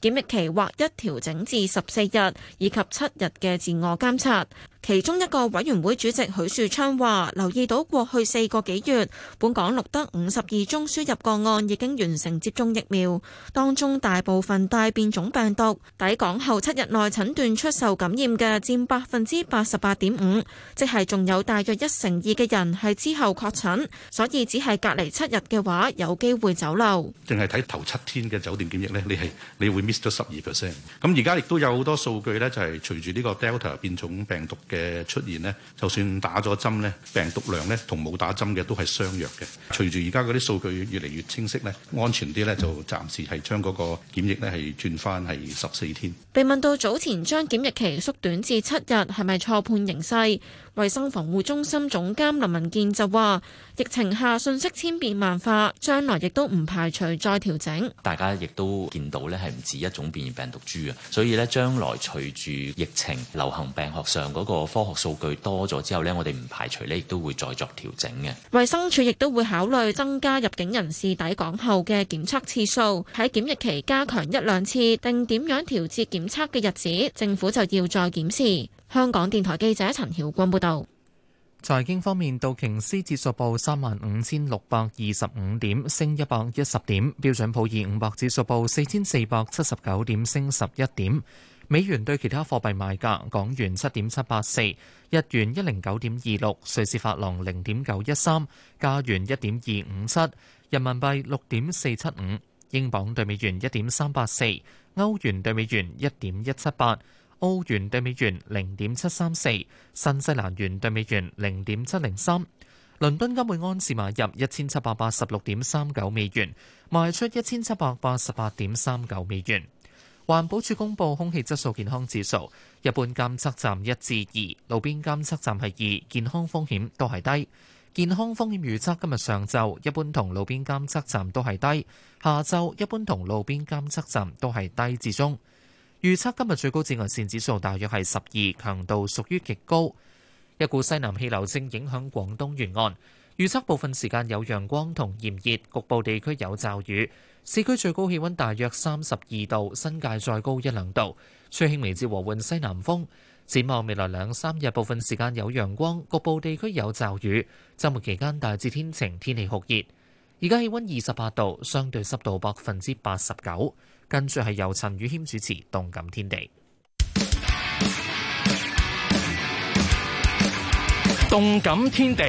檢疫期劃一調整至十四日，以及七日嘅自我監察。其中一個委員會主席許樹昌話：留意到過去四個幾月，本港錄得五十二宗輸入個案，已經完成接種疫苗，當中大部分大變種病毒抵港後七日內診斷出受感染嘅佔百分之八十八點五，即係仲有大約一成二嘅人係之後確診，所以只係隔離七日嘅話，有機會走漏。淨係睇頭七天嘅酒店檢疫呢，你係你會 miss 咗十二 percent。咁而家亦都有好多數據呢，就係隨住呢個 Delta 變種病毒。嘅出現呢，就算打咗針呢，病毒量呢同冇打針嘅都係相若嘅。隨住而家嗰啲數據越嚟越清晰呢，安全啲呢，就暫時係將嗰個檢疫呢係轉翻係十四天。被問到早前將檢疫期縮短至七日，係咪錯判形勢？衛生防護中心總監林文健就話，疫情下信息千變萬化，將來亦都唔排除再調整。大家亦都見到咧，係唔止一種變異病毒株啊，所以咧將來隨住疫情流行病學上嗰個科學數據多咗之後咧，我哋唔排除咧亦都會再作調整嘅。衛生署亦都會考慮增加入境人士抵港後嘅檢測次數，喺檢疫期加強一兩次定點樣調節檢測嘅日子，政府就要再檢視。香港電台記者陳曉君報道：財經方面，道瓊斯指數報三萬五千六百二十五點，升一百一十點；標準普爾五百指數報四千四百七十九點，升十一點。美元對其他貨幣賣價：港元七點七八四，日元一零九點二六，瑞士法郎零點九一三，加元一點二五七，人民幣六點四七五，英鎊兌美元一點三八四，歐元兌美元一點一七八。歐元對美元零點七三四，新西蘭元對美元零點七零三。倫敦金會安時買入一千七百八十六點三九美元，賣出一千七百八十八點三九美元。環保署公布空氣質素健康指數，一般監測站一至二，路邊監測站係二，健康風險都係低。健康風險預測今日上晝一般同路邊監測站都係低，下晝一般同路邊監測站都係低至中。預測今日最高紫外線指數大約係十二，強度屬於極高。一股西南氣流正影響廣東沿岸，預測部分時間有陽光同炎熱，局部地區有驟雨。市區最高氣温大約三十二度，新界再高一兩度。吹輕微至和緩西南風。展望未來兩三日，部分時間有陽光，局部地區有驟雨。週末期間大致天晴，天氣酷熱。而家氣温二十八度，相對濕度百分之八十九。跟住係由陳宇謙主持《動感天地》。《動感天地》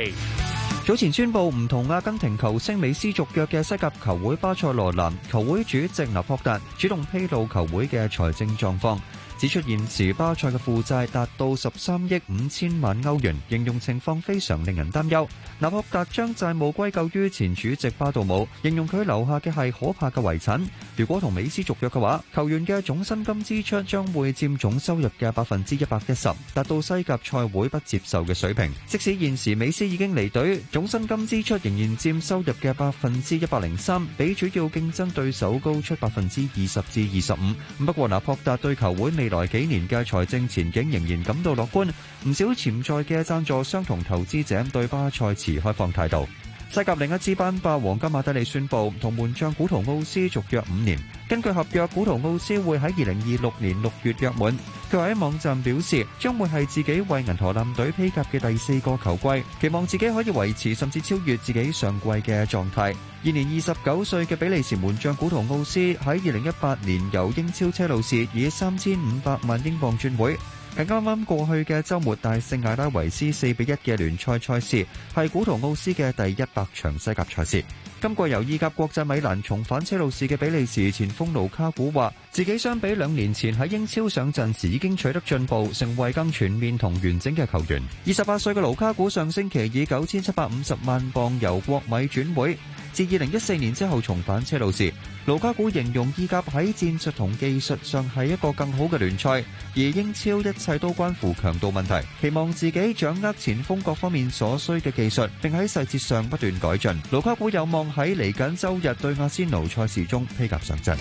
早前宣布，唔同阿根廷球星美斯續約嘅西甲球會巴塞隆拿球會主席納博特主動披露球會嘅財政狀況。指出現時巴塞嘅負債達到十三億五千萬歐元，形容情況非常令人擔憂。納博達將債務歸咎於前主席巴道姆，形容佢留下嘅係可怕嘅遺產。如果同美斯續約嘅話，球員嘅總薪金支出將會佔總收入嘅百分之一百一十，達到西甲賽會不接受嘅水平。即使現時美斯已經離隊，總薪金支出仍然佔收入嘅百分之一百零三，比主要競爭對手高出百分之二十至二十五。不過納博達對球會未來幾年嘅財政前景仍然感到樂觀，唔少潛在嘅贊助商同投資者對巴塞持開放態度。西甲另一支班霸皇家馬德里宣佈同門將古圖奧斯續約五年，根據合約，古圖奧斯會喺二零二六年六月約滿。佢喺網站表示，將會係自己為銀河艦隊披甲嘅第四個球季，期望自己可以維持甚至超越自己上季嘅狀態。現年二十九歲嘅比利時門將古圖奧斯喺二零一八年由英超車路士以三千五百萬英鎊轉會。喺啱啱過去嘅週末，大勝艾拉維斯四比一嘅聯賽賽事，係古圖奧斯嘅第一百場西甲賽事。今季由意甲國際米蘭重返車路士嘅比利時前鋒盧卡古話，自己相比兩年前喺英超上陣時已經取得進步，成為更全面同完整嘅球員。二十八歲嘅盧卡古上星期以九千七百五十萬鎊由國米轉會。自二零一四年之後重返車路士，盧卡古形容意甲喺戰術同技術上係一個更好嘅聯賽，而英超一切都關乎強度問題。期望自己掌握前鋒各方面所需嘅技術，並喺細節上不斷改進。盧卡古有望喺嚟緊週日對阿仙奴賽事中披甲上陣。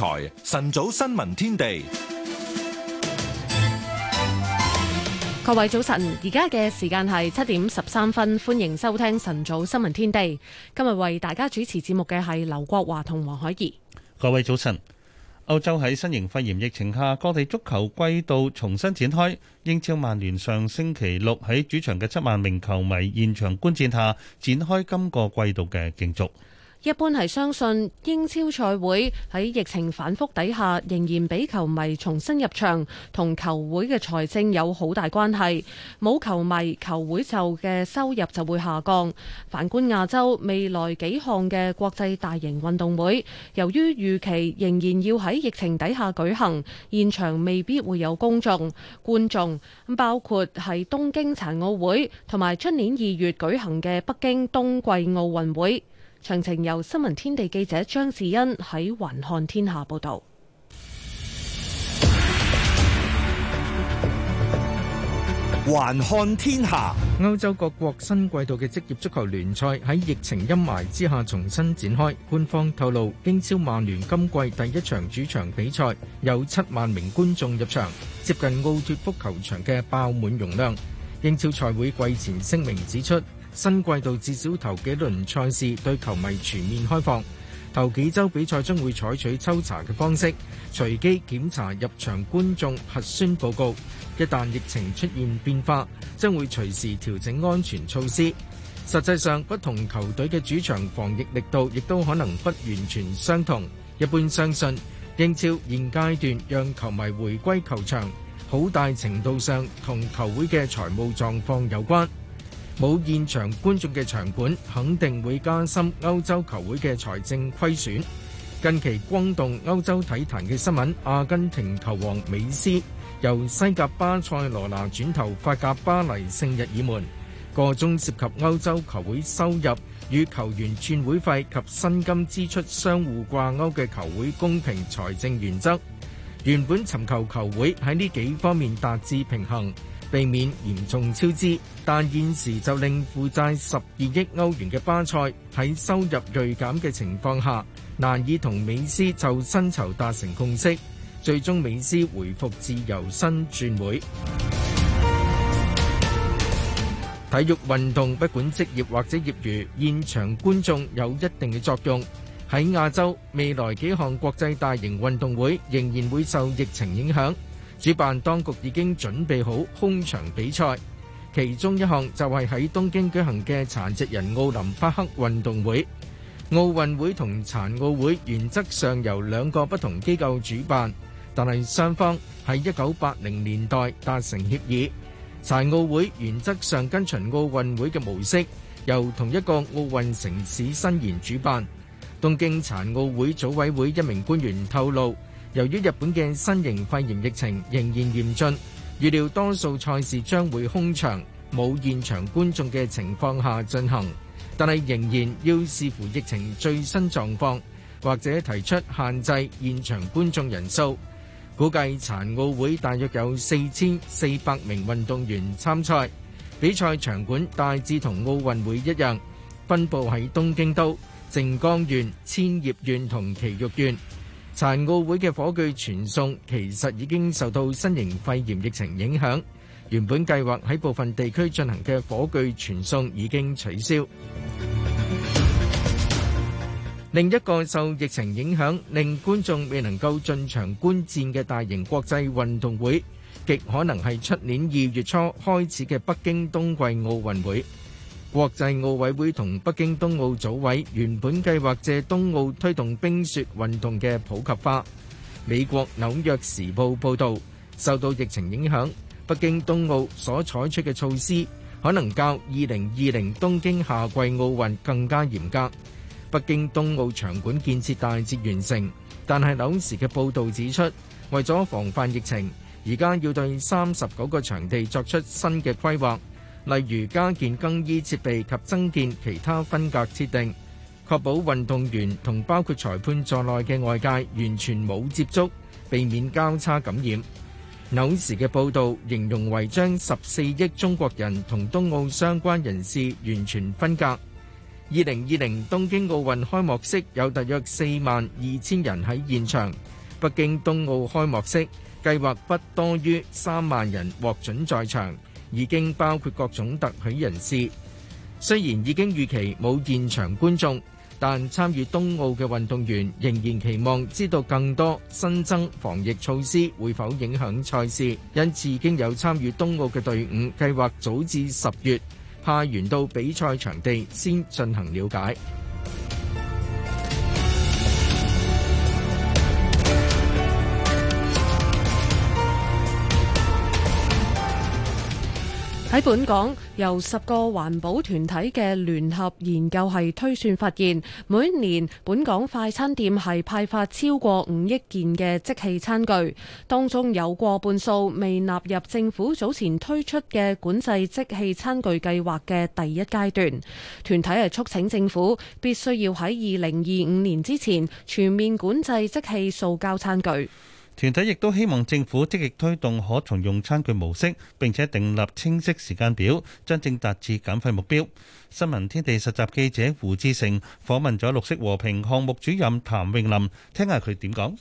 台晨早新聞天地，各位早晨，而家嘅時間係七點十三分，歡迎收聽晨早新聞天地。今日為大家主持節目嘅係劉國華同黃海怡。各位早晨，歐洲喺新型肺炎疫情下，各地足球季度重新展開。英超曼聯上星期六喺主場嘅七萬名球迷現場觀戰下，展開今個季度嘅競逐。一般係相信英超賽會喺疫情反覆底下仍然俾球迷重新入場，同球會嘅財政有好大關係。冇球迷，球會就嘅收入就會下降。反觀亞洲未來幾項嘅國際大型運動會，由於預期仍然要喺疫情底下舉行，現場未必會有公眾觀眾，包括係東京殘奧會同埋出年二月舉行嘅北京冬季奧運會。詳情由新聞天地記者張志欣喺《環看天下》報道。環看天下，歐洲各國新季度嘅職業足球聯賽喺疫情陰霾之下重新展開。官方透露，英超曼聯今季第一場主場比賽有七萬名觀眾入場，接近奧脫福球場嘅爆滿容量。英超賽會季前聲明指出，新季度至少頭幾輪賽事對球迷全面開放，頭幾周比賽將會採取抽查嘅方式，隨機檢查入場觀眾核酸報告。一旦疫情出現變化，將會隨時調整安全措施。實際上，不同球隊嘅主場防疫力度亦都可能不完全相同。一般相信，英超現階段讓球迷回歸球場好大程度上同球會嘅財務狀況有關。冇現場觀眾嘅場館，肯定會加深歐洲球會嘅財政虧損。近期轟動歐洲體壇嘅新聞，阿根廷球王美斯，由西甲巴塞羅那轉投法甲巴黎聖日耳門，個中涉及歐洲球會收入與球員轉會費及薪金支出相互掛鈎嘅球會公平財政原則，原本尋求球會喺呢幾方面達至平衡。避免嚴重超支，但現時就令負債十二億歐元嘅巴塞喺收入銳減嘅情況下，難以同美斯就薪酬達成共識，最終美斯回復自由身轉會。體育運動不管職業或者業餘，現場觀眾有一定嘅作用，喺亞洲未來幾項國際大型運動會仍然會受疫情影響。 主辦當局已經準備好空場比賽，其中一項就係喺東京舉行嘅殘疾人奧林匹克運動會。奧運會同殘奧會原則上由兩個不同機構主辦,但係雙方喺1980年代達成協議。殘奧會原則上跟循奧運會嘅模式,由同一個奧運城市申辦主辦。東京殘奧會組委會一名官員透露,由於日本嘅新型肺炎疫情仍然嚴峻，預料多數賽事將會空場冇現場觀眾嘅情況下進行，但係仍然要視乎疫情最新狀況，或者提出限制現場觀眾人數，估計殘奧會大約有殘奧會嘅火炬傳送其實已經受到新型肺炎疫情影響，原本計劃喺部分地區進行嘅火炬傳送已經取消。另一個受疫情影響令觀眾未能夠進場觀戰嘅大型國際運動會，極可能係出年二月初開始嘅北京冬季奧運會。國際奧委會同北京冬奧組委原本計劃借冬奧推動冰雪運動嘅普及化。美國紐約時報報道，受到疫情影響，北京冬奧所採取嘅措施，可能較2020東京夏季奧運更加嚴格。北京冬奧場館建設大致完成，但係紐時嘅報道指出，為咗防範疫情，而家要對39個場地作出新嘅規劃，例如加建更衣設備及增建其他分隔設定，確保運動員同包括裁判在內嘅外界完全冇接觸，避免交叉感染。紐時嘅報導形容為將十四億中國人同冬奧相關人士完全分隔。二零二零東京奧運開幕式有大約四萬二千人喺現場，北京冬奧開幕式計劃不多於三萬人獲准在場。已經包括各種特許人士。雖然已經預期冇現場觀眾，但參與冬奧嘅運動員仍然期望知道更多新增防疫措施會否影響賽事。因此已經有參與冬奧嘅隊伍計劃早至十月派員到比賽場地先進行了解。喺本港，由十個環保團體嘅聯合研究係推算發現，每年本港快餐店係派發超過五億件嘅即棄餐具，當中有過半數未納入政府早前推出嘅管制即棄餐具計劃嘅第一階段。團體係促請政府必須要喺二零二五年之前全面管制即棄塑膠餐具。團體亦都希望政府積極推動可重用餐具模式，並且訂立清晰時間表，真正達至減廢目標。新聞天地實習記者胡志成訪問咗綠色和平項目主任譚詠琳，琳，聽下佢點講。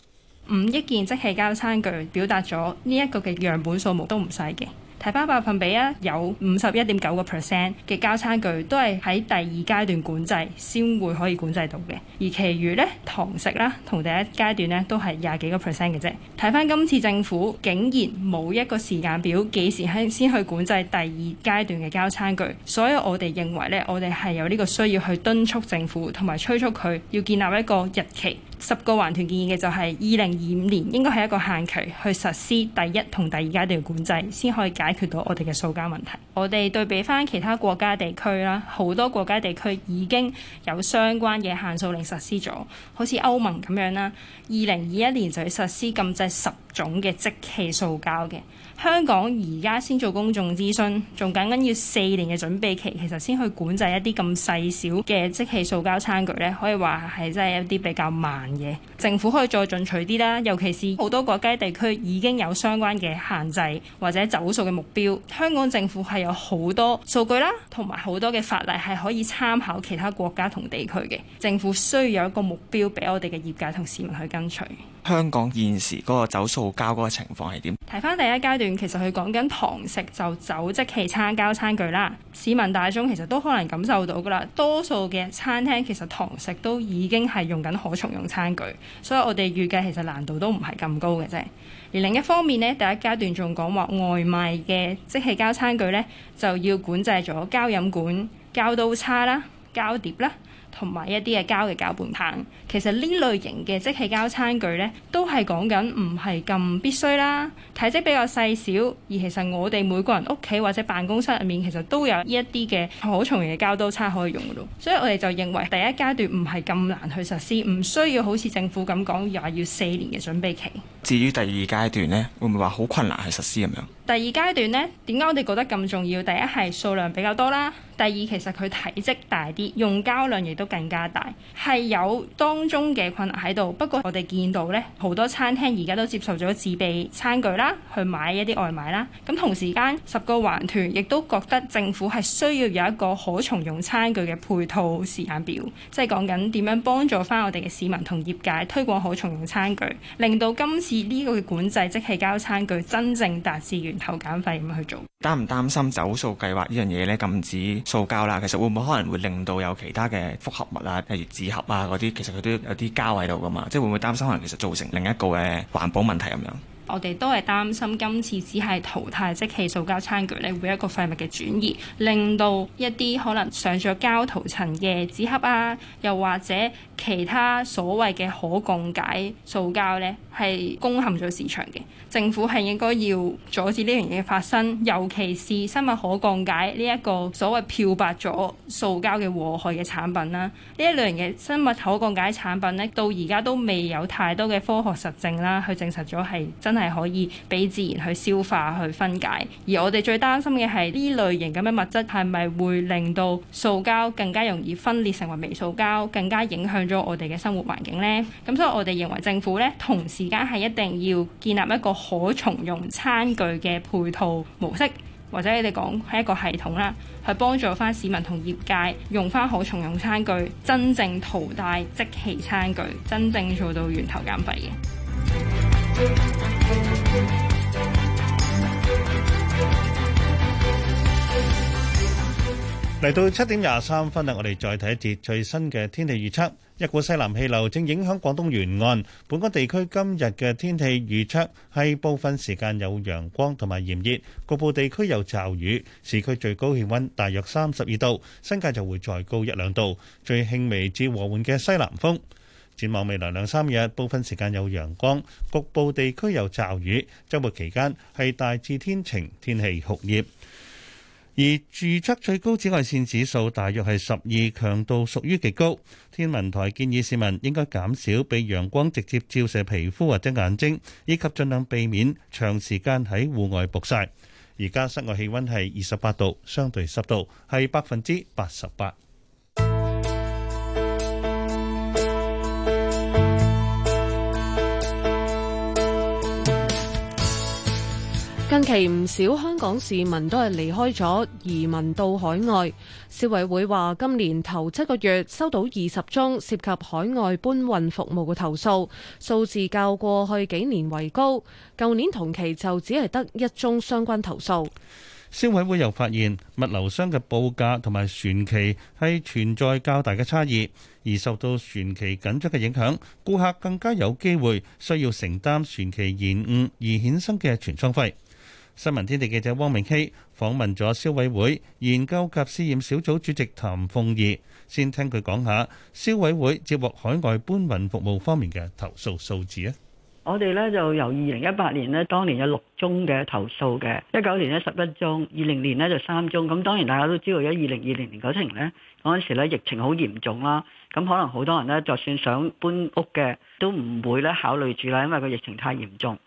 五億件即棄膠餐具，表達咗呢一個嘅樣本數目都唔細嘅。睇翻百分比啊，有五十一點九個 percent 嘅膠餐具都係喺第二階段管制先會可以管制到嘅，而其餘咧堂食啦同第一階段咧都係廿幾個 percent 嘅啫。睇翻今次政府竟然冇一個時間表，幾時先去管制第二階段嘅膠餐具，所以我哋認為咧，我哋係有呢個需要去敦促政府同埋催促佢要建立一個日期。十個環團建議嘅就係二零二五年應該係一個限期去實施第一同第二階段管制，先可以解決到我哋嘅塑膠問題。 我哋對比翻其他國家地區啦，好多國家地區已經有相關嘅限塑令實施咗，好似歐盟咁樣啦，二零二一年就要實施禁制十種嘅即棄塑膠嘅。香港而家先做公眾諮詢，仲緊緊要四年嘅準備期，其實先去管制一啲咁細小嘅即棄塑膠餐具呢，可以話係真係一啲比較慢嘅，政府可以再進取啲啦。尤其是好多國家地區已經有相關嘅限制或者走塑嘅目標，香港政府係有好多數據啦，同埋好多嘅法例係可以參考其他國家同地區嘅。政府需要有一個目標俾我哋嘅業界同市民去跟隨。香港現時嗰個走塑膠嗰個情況係點？提翻第一階段，其實佢講緊堂食就走即棄餐膠餐具啦。市民大眾其實都可能感受到㗎喇，多數嘅餐廳其實堂食都已經係用緊可重用餐具，所以我哋預計其實難度都唔係咁高嘅啫。而另一方面呢，第一階段仲講話外賣嘅即棄膠餐具呢，就要管制咗膠飲管、膠刀叉啦、膠碟啦。同埋一啲嘅膠嘅攪拌棒，其實呢類型嘅即棄膠餐具呢，都係講緊唔係咁必須啦。體積比較細小，而其實我哋每個人屋企或者辦公室入面，其實都有呢一啲嘅可重用嘅膠刀叉可以用嘅。所以我哋就認為第一階段唔係咁難去實施，唔需要好似政府咁講又話要四年嘅準備期。至於第二階段呢，會唔會話好困難去實施咁樣？第二階段呢，點解我哋覺得咁重要？第一係數量比較多啦，第二其實佢體積大啲，用膠量亦都更加大，係有當中嘅困難喺度。不過我哋見到呢，好多餐廳而家都接受咗自備餐具啦，去買一啲外賣啦。咁同時間，十個環團亦都覺得政府係需要有一個可重用餐具嘅配套時間表，即係講緊點樣幫助翻我哋嘅市民同業界推廣可重用餐具，令到今次呢個嘅管制即棄膠餐具真正達至完。投減費咁去做，擔唔擔心走數計劃呢樣嘢咧，禁止塑膠啦？其實會唔會可能會令到有其他嘅複合物啊，例如紙盒啊嗰啲，其實佢都有啲膠喺度噶嘛，即係會唔會擔心可能其實造成另一個嘅環保問題咁樣？我哋都係擔心今次只係淘汰即棄塑膠餐具咧，會一個廢物嘅轉移，令到一啲可能上咗膠塗層嘅紙盒啊，又或者其他所謂嘅可降解塑膠咧，係攻陷咗市場嘅。政府係應該要阻止呢樣嘢發生，尤其是生物可降解呢一個所謂漂白咗塑膠嘅禍害嘅產品啦，啊。呢一類型嘅生物可降解產品咧，到而家都未有太多嘅科學實證啦，去證實咗係真。係可以俾自然去消化去分解，而我哋最擔心嘅係呢類型咁嘅物質係咪會令到塑膠更加容易分裂成為微塑膠，更加影響咗我哋嘅生活環境咧？咁所以我哋認為政府咧，同時間係一定要建立一個可重用餐具嘅配套模式，或者你哋講係一個系統啦，去幫助翻市民同業界用翻可重用餐具，真正淘汰即棄餐具，真正做到源頭減廢嘅。嚟到七點廿三分啦，我哋再睇一節最新嘅天氣預測。一股西南氣流正影響廣東沿岸，本港地區今日嘅天氣預測係部分時間有陽光同埋炎熱，局部地區有驟雨。市區最高氣溫大約三十二度，新界就會再高一兩度，最輕微至和緩嘅西南風。展望未來兩三日，部分時間有陽光，局部地區有驟雨。周末期間係大致天晴，天氣酷熱。而預測最高紫外線指數大約係十二，強度屬於極高。天文台建議市民應該減少被陽光直接照射皮膚或者眼睛，以及盡量避免長時間喺戶外曝曬。而家室外氣温係二十八度，相對濕度係百分之八十八。近期唔少香港市民都係離開咗移民到海外。消委會話，今年頭七個月收到二十宗涉及海外搬運服務嘅投訴，數字較過去幾年為高。舊年同期就只係得一宗相關投訴。消委會又發現，物流商嘅報價同埋船期係存在較大嘅差異，而受到船期緊張嘅影響，顧客更加有機會需要承擔船期延誤而衍生嘅船艙費。新聞天地記者汪明希訪問咗消委會研究及試驗小組主席譚鳳儀，先聽佢講下消委會接獲海外搬運服務方面嘅投訴數字啊！我哋咧就由二零一八年咧，當年有六宗嘅投訴嘅，一九年咧十一宗，二零年咧就三宗。咁當然大家都知道，一二零二零年嗰陣咧，嗰陣時咧疫情好嚴重啦，咁可能好多人咧，就算想搬屋嘅，都唔會咧考慮住啦，因為個疫情太嚴重。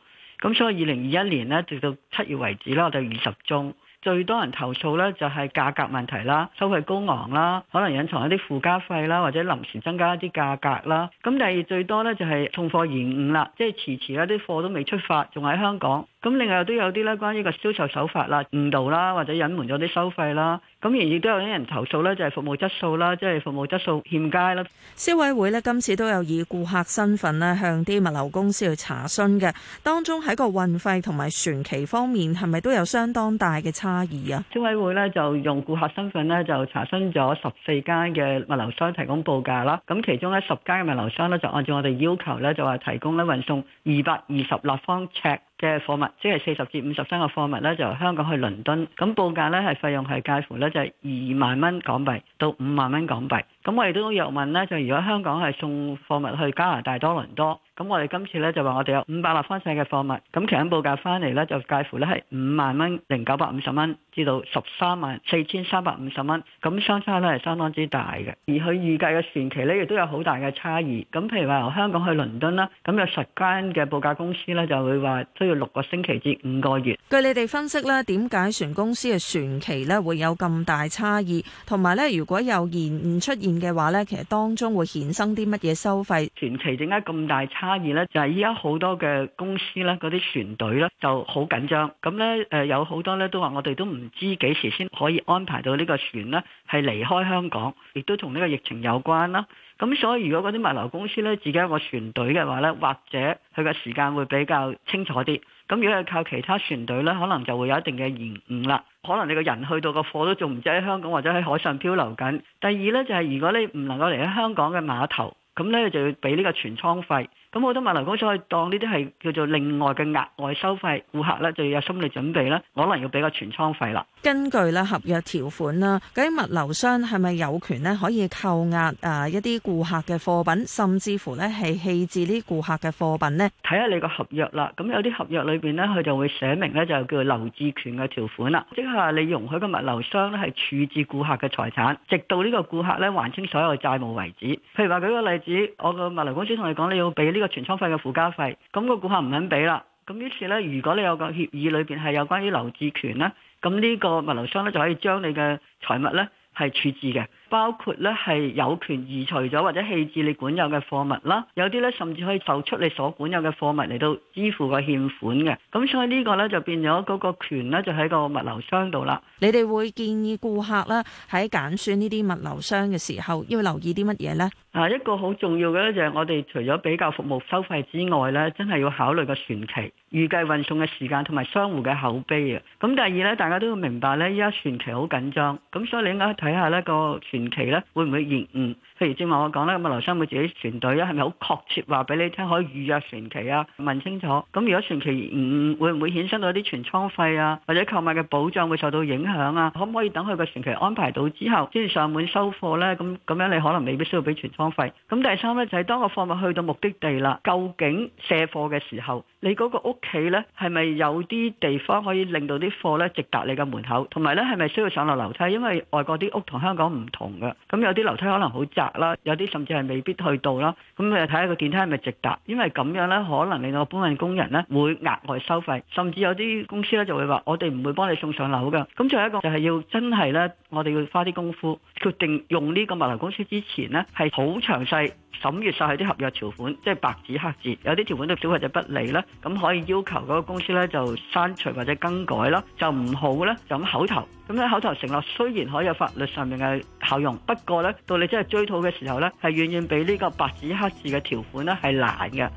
咁所以二零二一年咧，直到七月為止啦，我哋二十宗。最多人投訴咧，就係價格問題啦，收費高昂啦，可能隱藏一啲附加費啦，或者臨時增加一啲價格啦。咁第二最多咧，就係送貨延誤啦，即係遲遲一啲貨都未出發，仲喺香港。咁另外都有啲咧，關於個銷售手法啦、誤導啦，或者隱瞞咗啲收費啦。咁而亦都有啲人投訴咧，就係服務質素啦，即係服務質素欠佳啦。消委會咧今次都有以顧客身份咧向啲物流公司去查詢嘅，當中喺個運費同埋船期方面係咪都有相當大嘅差異啊？消委會咧就用顧客身份咧就查詢咗十四間嘅物流商提供報價啦，咁其中咧十間嘅物流商咧就按照我哋要求咧就話提供咧運送二百二十立方尺。嘅貨物，即係四十至五十三個貨物咧，就香港去倫敦，咁報價咧係費用係介乎咧就係、是、二萬蚊港幣到五萬蚊港幣。咁我哋都有問呢，就如果香港係送貨物去加拿大多倫多，咁我哋今次呢就話我哋有五百立方尺嘅貨物，咁其實報價翻嚟呢，就介乎呢係五萬蚊零九百五十蚊至到十三萬四千三百五十蚊，咁相差呢係相當之大嘅。而佢預計嘅船期呢，亦都有好大嘅差異。咁譬如話由香港去倫敦啦，咁有十間嘅報價公司呢，就會話都要六個星期至五個月。據你哋分析呢，點解船公司嘅船期呢會有咁大差異？同埋呢，如果有延誤出現嘅話咧，其實當中會衍生啲乜嘢收費？船期點解咁大差異咧？就係依家好多嘅公司咧，嗰啲船隊咧就好緊張。咁咧，誒有好多咧都話我哋都唔知幾時先可以安排到呢個船咧，係離開香港，亦都同呢個疫情有關啦。咁所以如果嗰啲物流公司咧自己一個船隊嘅話咧，或者佢嘅時間會比較清楚啲。咁如果係靠其他船隊呢，可能就會有一定嘅延誤啦。可能你個人去到個貨都仲唔知喺香港或者喺海上漂流緊。第二呢，就係、是、如果你唔能夠嚟喺香港嘅碼頭，咁呢就要俾呢個船倉費。咁好多物流公司可以當呢啲係叫做另外嘅額外收費。顧客咧，就要有心理準備啦，可能要俾個全倉費啦。根據咧合約條款啦，嗰啲物流商係咪有權咧可以扣押啊一啲顧客嘅貨品，甚至乎咧係棄置呢顧客嘅貨品呢？睇下你個合約啦。咁有啲合約裏邊咧，佢就會寫明咧就叫留置權嘅條款啦，即係話你容許個物流商咧係處置顧客嘅財產，直到呢個顧客咧還清所有債務為止。譬如話舉個例子，我個物流公司同你講你要俾呢。個存倉費嘅附加費，咁、這個顧客唔肯俾啦。咁於是咧，如果你有個協議裏邊係有關於留置權咧，咁呢個物流商咧就可以將你嘅財物咧係處置嘅。包括咧係有權移除咗或者棄置你管有嘅貨物啦，有啲咧甚至可以售出你所管有嘅貨物嚟到支付個欠款嘅。咁所以呢個咧就變咗嗰個權咧就喺個物流商度啦。你哋會建議顧客咧喺揀選呢啲物流商嘅時候要留意啲乜嘢咧？啊，一個好重要嘅就係我哋除咗比較服務收費之外咧，真係要考慮個船期、預計運送嘅時間同埋商戶嘅口碑啊。咁第二咧，大家都要明白咧，依家船期好緊張，咁所以你應該睇下呢個船。船期咧，會唔會延誤？譬如正話我講啦，咁啊，劉生佢自己船隊咧，係咪好確切話俾你聽可以預約船期啊？問清楚。咁如果船期延誤，會唔會衍生到啲存倉費啊，或者購物嘅保障會受到影響啊？可唔可以等佢個船期安排到之後先上門收貨咧？咁咁樣你可能未必需要俾存倉費。咁第三咧就係、是、當個貨物去到目的地啦，究竟卸貨嘅時候？你嗰個屋企呢，係咪有啲地方可以令到啲貨呢直達你嘅門口？同埋呢，係咪需要上落樓梯？因為外國啲屋同香港唔同嘅，咁有啲樓梯可能好窄啦，有啲甚至係未必去到啦。咁你睇下個電梯係咪直達？因為咁樣呢，可能令到搬運工人呢會額外收費，甚至有啲公司呢就會話我哋唔會幫你送上樓㗎。咁仲有一個就係要真係呢，我哋要花啲功夫決定用呢個物流公司之前呢，係好詳細審閱晒啲合約條款，即係白紙黑字，有啲條款對消費者不利啦。咁可以要求嗰個公司咧就刪除或者更改啦，就唔好咧就咁口頭。咁喺口頭承諾雖然可以有法律上面嘅效用，不過咧到你真係追討嘅時候咧，係遠遠比呢個白紙黑字嘅條款咧係難嘅。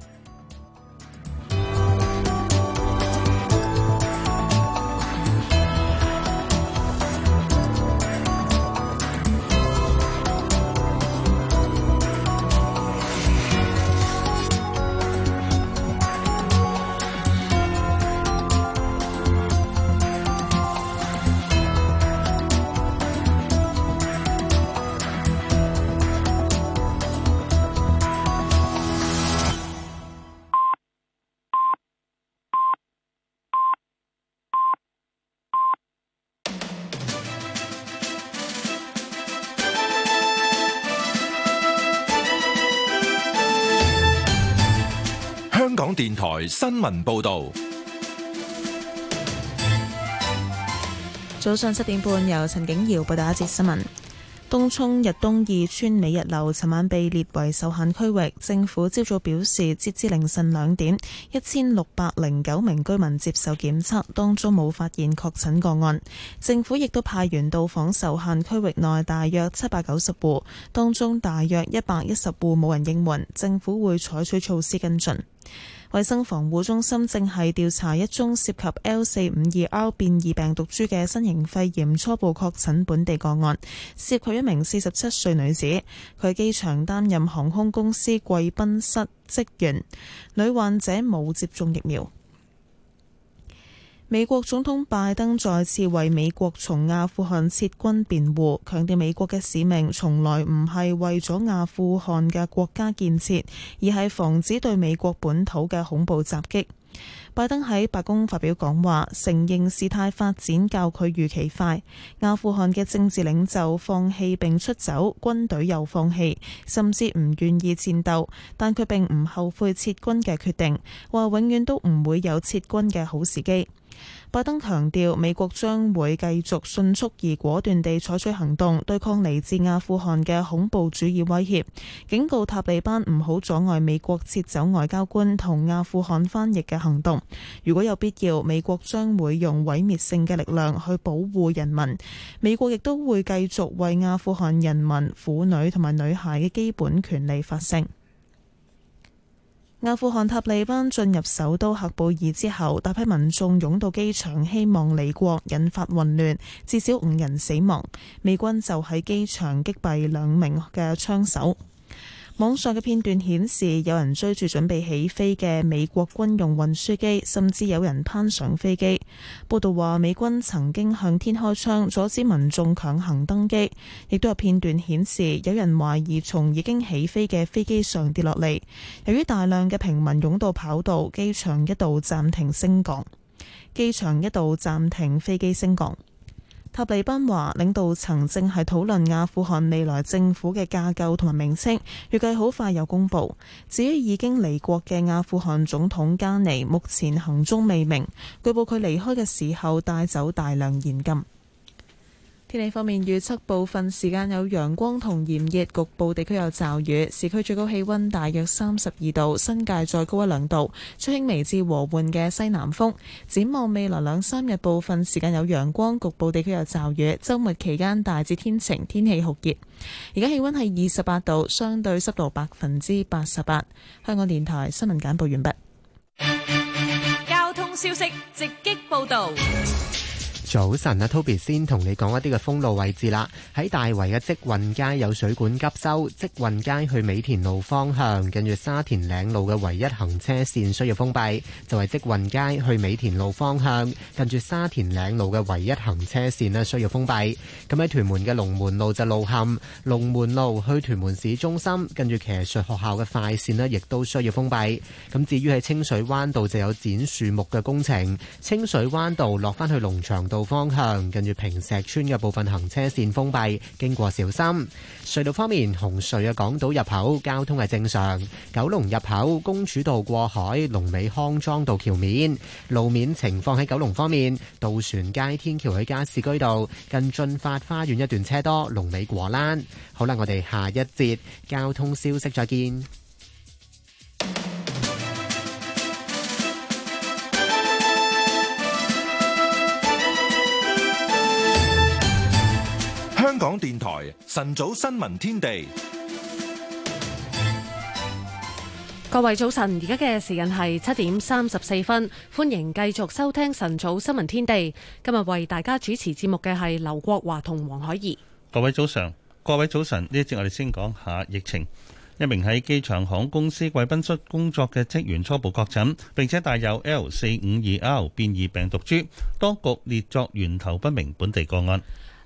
新聞報道。早上七點半，由陳景堯報道一節新聞。東涌日東二村美日樓，尋晚被列為受限區域。政府朝早表示，截至凌晨兩點，一千六百零九名居民接受檢測，當中冇發現確診個案。政府亦都派員到訪受限區域內大約七百九十戶，當中大約一百一十戶冇人應門，政府會採取措施跟進。衛生防護中心正係調查一宗涉及 L 四五二 R 變異病毒株嘅新型肺炎初步確診本地個案，涉及一名四十七歲女子，佢喺機場擔任航空公司貴賓室職員，女患者冇接種疫苗。美國總統拜登再次為美國從阿富汗撤軍辯護，強調美國嘅使命從來唔係為咗阿富汗嘅國家建設，而係防止對美國本土嘅恐怖襲擊。拜登喺白宮發表講話，承認事態發展較佢預期快，阿富汗嘅政治領袖放棄並出走，軍隊又放棄，甚至唔願意戰鬥，但佢並唔後悔撤軍嘅決定，話永遠都唔會有撤軍嘅好時機。拜登強調，美國將會繼續迅速而果斷地採取行動，對抗來自阿富汗嘅恐怖主義威脅，警告塔利班唔好阻礙美國撤走外交官同阿富汗翻譯嘅行動。如果有必要，美國將會用毀滅性嘅力量去保護人民。美國亦都會繼續為阿富汗人民、婦女同埋女孩嘅基本權利發聲。阿富汗塔利班進入首都喀布爾之後，大批民眾湧到機場希望離國，引發混亂，至少五人死亡。美軍就喺機場擊斃兩名嘅槍手。網上嘅片段顯示，有人追住準備起飛嘅美國軍用運輸機，甚至有人攀上飛機。報道話，美軍曾經向天開槍，阻止民眾強行登機。亦都有片段顯示，有人懷疑從已經起飛嘅飛機上跌落嚟。由於大量嘅平民湧到跑道，機場一度暫停升降，機場一度暫停飛機升降。塔利班話，領導層正係討論阿富汗未來政府嘅架構同埋名稱，預計好快有公布。至於已經離國嘅阿富汗總統加尼，目前行蹤未明，據報佢離開嘅時候帶走大量現金。天氣方面，預測部分時間有陽光同炎熱，局部地區有驟雨。市區最高氣溫大約三十二度，新界再高一兩度。吹輕微至和緩嘅西南風。展望未來兩三日，部分時間有陽光，局部地區有驟雨。周末期間大致天晴，天氣酷熱。而家氣溫係二十八度，相對濕度百分之八十八。香港電台新聞簡報完畢。交通消息直擊報道。早晨啊，Toby 先同你講一啲嘅封路位置啦。喺大圍嘅積運街有水管急修，積運街去美田路方向，近住沙田嶺路嘅唯一行車線需要封閉，就係積運街去美田路方向，近住沙田嶺路嘅唯一行車線咧需要封閉。咁喺屯門嘅龍門路就路陷，龍門路去屯門市中心，跟住騎術學校嘅快線咧亦都需要封閉。咁至於喺清水灣道就有剪樹木嘅工程，清水灣道落返去農場道。方向，近住坪石邨嘅部分行車線封閉，經過小心。隧道方面，紅隧嘅港島入口交通係正常。九龍入口公主道過海、龍尾康莊道橋面路面情況喺九龍方面，渡船街天橋喺加士居道近駿發花園一段車多，龍尾果欄。好啦，我哋下一節交通消息再見。香港電台晨早新聞天地，各位早晨，而家嘅時間係七點三十四分，歡迎繼續收聽晨早新聞天地。今日為大家主持節目嘅係劉國華同黃海怡。各位早上，各位早晨，呢一節我哋先講下疫情。一名喺機場航空行公司貴賓室工作嘅職員初步確診，並且帶有 L 四五二 R 變異病毒株，當局列作源頭不明本地個案。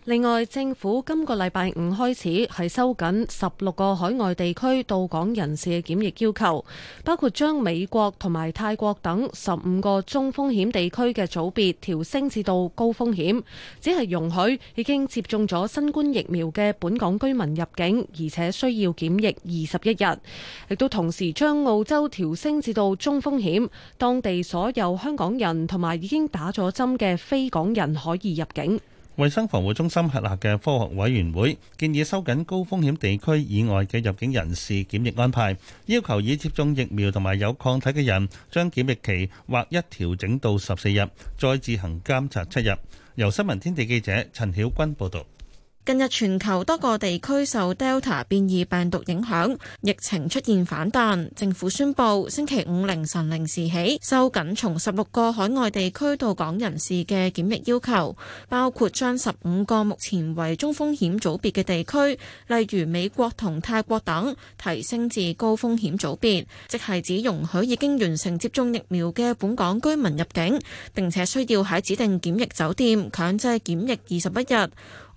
另外，政府今個禮拜五開始係收緊十六個海外地區到港人士嘅檢疫要求，包括將美國同埋泰國等十五個中風險地區嘅組別調升至到高風險，只係容許已經接種咗新冠疫苗嘅本港居民入境，而且需要檢疫二十一日。亦都同時將澳洲調升至到中風險，當地所有香港人同埋已經打咗針嘅非港人可以入境。衞生防護中心轄下嘅科學委員會建議收緊高風險地區以外嘅入境人士檢疫安排，要求已接種疫苗同埋有抗體嘅人，將檢疫期劃一調整到十四日，再自行監察七日。由新聞天地記者陳曉君報導。近日，全球多個地區受 Delta 變異病毒影響，疫情出現反彈。政府宣布，星期五凌晨零時起，收緊從十六個海外地區到港人士嘅檢疫要求，包括將十五個目前為中風險組別嘅地區，例如美國同泰國等，提升至高風險組別，即係指容許已經完成接種疫苗嘅本港居民入境，並且需要喺指定檢疫酒店強制檢疫二十一日。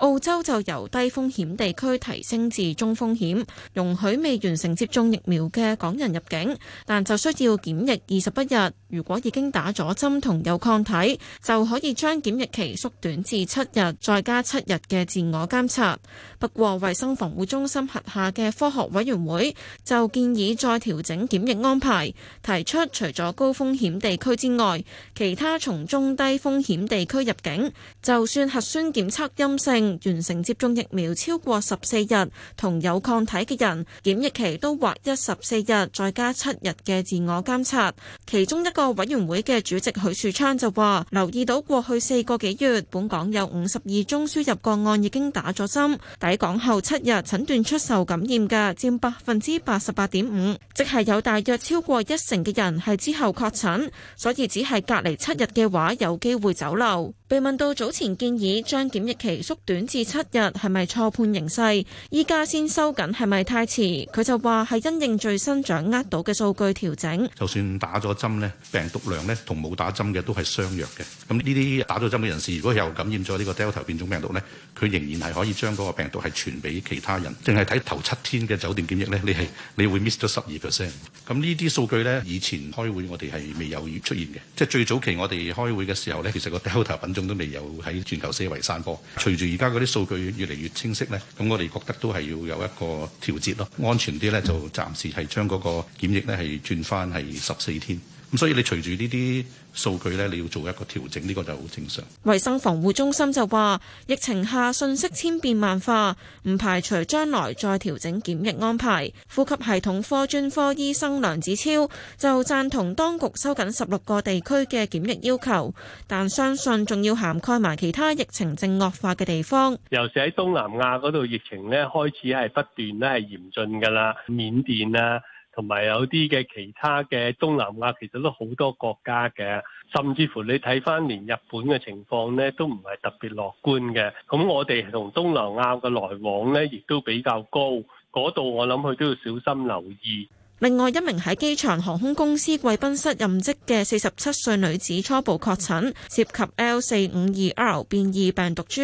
澳洲就由低風險地區提升至中風險，容許未完成接種疫苗嘅港人入境，但就需要檢疫二十一日。如果已經打咗針同有抗體，就可以將檢疫期縮短至七日，再加七日嘅自我監察。不過，衞生防護中心轄下嘅科學委員會就建議再調整檢疫安排，提出除咗高風險地區之外，其他從中低風險地區入境，就算核酸檢測陰性、完成接種疫苗超過十四日同有抗體嘅人，檢疫期都劃一十四日再加七日嘅自我監察。其中一個委員會嘅主席許樹昌就話：留意到過去四個幾月，本港有五十二宗輸入個案已經打咗針。喺港後七日診斷出受感染嘅佔百分之八十八點五，即係有大約超過一成嘅人係之後確診，所以只係隔離七日嘅話有機會走漏。被問到早前建議將檢疫期縮短至七日係咪錯判形勢，依家先收緊係咪太遲？佢就話係因應最新掌握到嘅數據調整。就算打咗針呢，病毒量呢同冇打針嘅都係相若嘅。咁呢啲打咗針嘅人士，如果又感染咗呢個 Delta 變種病毒呢，佢仍然係可以將嗰個病毒。係傳俾其他人，淨係睇頭七天嘅酒店檢疫咧，你係你會 miss 咗十二 percent。咁呢啲數據咧，以前開會我哋係未有出現嘅，即係最早期我哋開會嘅時候咧，其實個 Delta 品種都未有喺全球四圍散播。隨住而家嗰啲數據越嚟越清晰咧，咁我哋覺得都係要有一個調節咯，安全啲咧就暫時係將嗰個檢疫咧係轉翻係十四天。所以你隨住呢啲數據咧，你要做一個調整，呢個就好正常。衞生防護中心就話，疫情下信息千變萬化，唔排除將來再調整檢疫安排。呼吸系統科專科醫生梁子超就贊同當局收緊十六個地區嘅檢疫要求，但相信仲要涵蓋埋其他疫情正惡化嘅地方。尤其喺東南亞嗰度，疫情咧開始係不斷咧係嚴峻㗎喇，緬甸啊。同埋有啲嘅其他嘅東南亞其實都好多國家嘅，甚至乎你睇翻連日本嘅情況呢，都唔係特別樂觀嘅。咁我哋同東南亞嘅來往呢，亦都比較高，嗰度我諗佢都要小心留意。另外一名喺機場航空公司貴賓室任職嘅四十七歲女子初步確診，涉及 L 四五二 R 變異病毒株。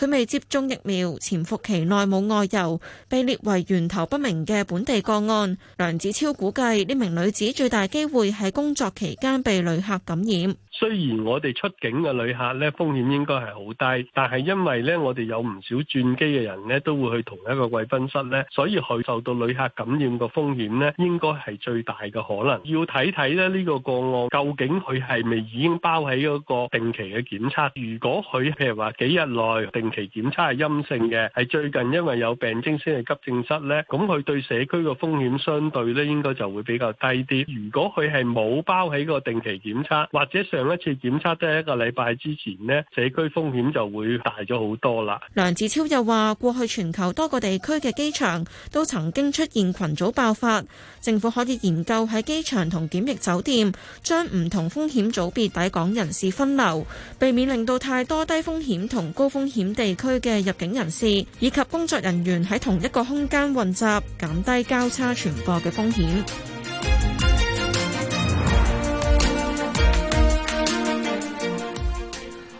佢未接種疫苗，潛伏期內冇外遊，被列為源頭不明嘅本地個案。梁子超估計呢名女子最大機會喺工作期間被旅客感染。雖然我哋出境嘅旅客咧風險應該係好低，但係因為呢，我哋有唔少轉機嘅人咧都會去同一個貴賓室咧，所以佢受到旅客感染嘅風險咧應該係最大嘅可能。要睇睇咧呢個個案究竟佢係咪已經包喺嗰個定期嘅檢測？如果佢譬如話幾日內定期檢測係陰性嘅，係最近因為有病徵先係急症室呢。咁佢對社區個風險相對咧應該就會比較低啲。如果佢係冇包起個定期檢測，或者上一次檢測得一個禮拜之前呢，社區風險就會大咗好多啦。梁志超又話：過去全球多個地區嘅機場都曾經出現群組爆發，政府可以研究喺機場同檢疫酒店將唔同風險組別抵港人士分流，避免令到太多低風險同高風險。地區嘅入境人士以及工作人員喺同一個空間混雜，減低交叉傳播嘅風險。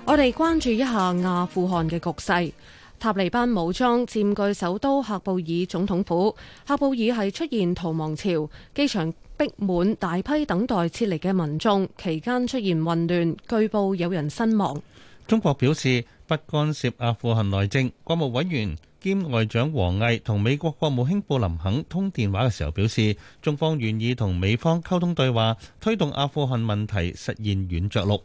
我哋關注一下阿富汗嘅局勢，塔利班武裝佔據首都喀布爾總統府，喀布爾係出現逃亡潮，機場逼滿大批等待撤離嘅民眾，期間出現混亂，據報有人身亡。中國表示。不干涉阿富汗內政。國務委員兼外長王毅同美國國務卿布林肯通電話嘅時候表示，中方願意同美方溝通對話，推動阿富汗問題實現軟着陸。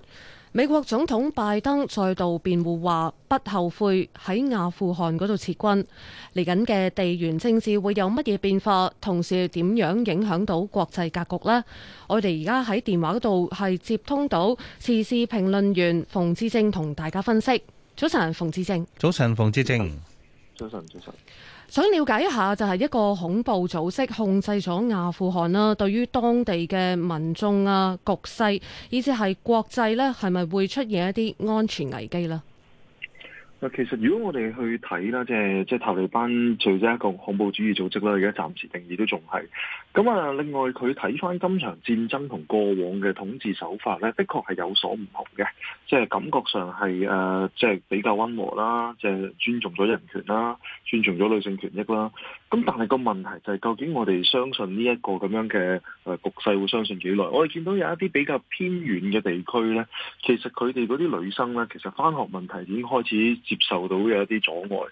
美國總統拜登再度辯護話，不後悔喺阿富汗嗰度撤軍。嚟緊嘅地緣政治會有乜嘢變化，同時點樣影響到國際格局呢？我哋而家喺電話嗰度係接通到時事評論員馮志正同大家分析。早晨，馮志正。早晨，馮志正。早晨，早晨。想了解一下，就係一個恐怖組織控制咗阿富汗啦。對於當地嘅民眾啊，局勢，以至係國際咧，係咪會出現一啲安全危機啦？嗱，其實如果我哋去睇啦，即係即係塔利班，最咗一個恐怖主義組織啦。而家暫時定義都仲係。咁啊，另外佢睇翻今場戰爭同過往嘅統治手法咧，的確係有所唔同嘅，即係感覺上係誒即係比較溫和啦，即係尊重咗人權啦，尊重咗女性權益啦。咁但係個問題就係究竟我哋相信呢一個咁樣嘅局勢會相信幾耐？我哋見到有一啲比較偏遠嘅地區咧，其實佢哋嗰啲女生咧，其實翻學問題已經開始接受到有一啲阻礙。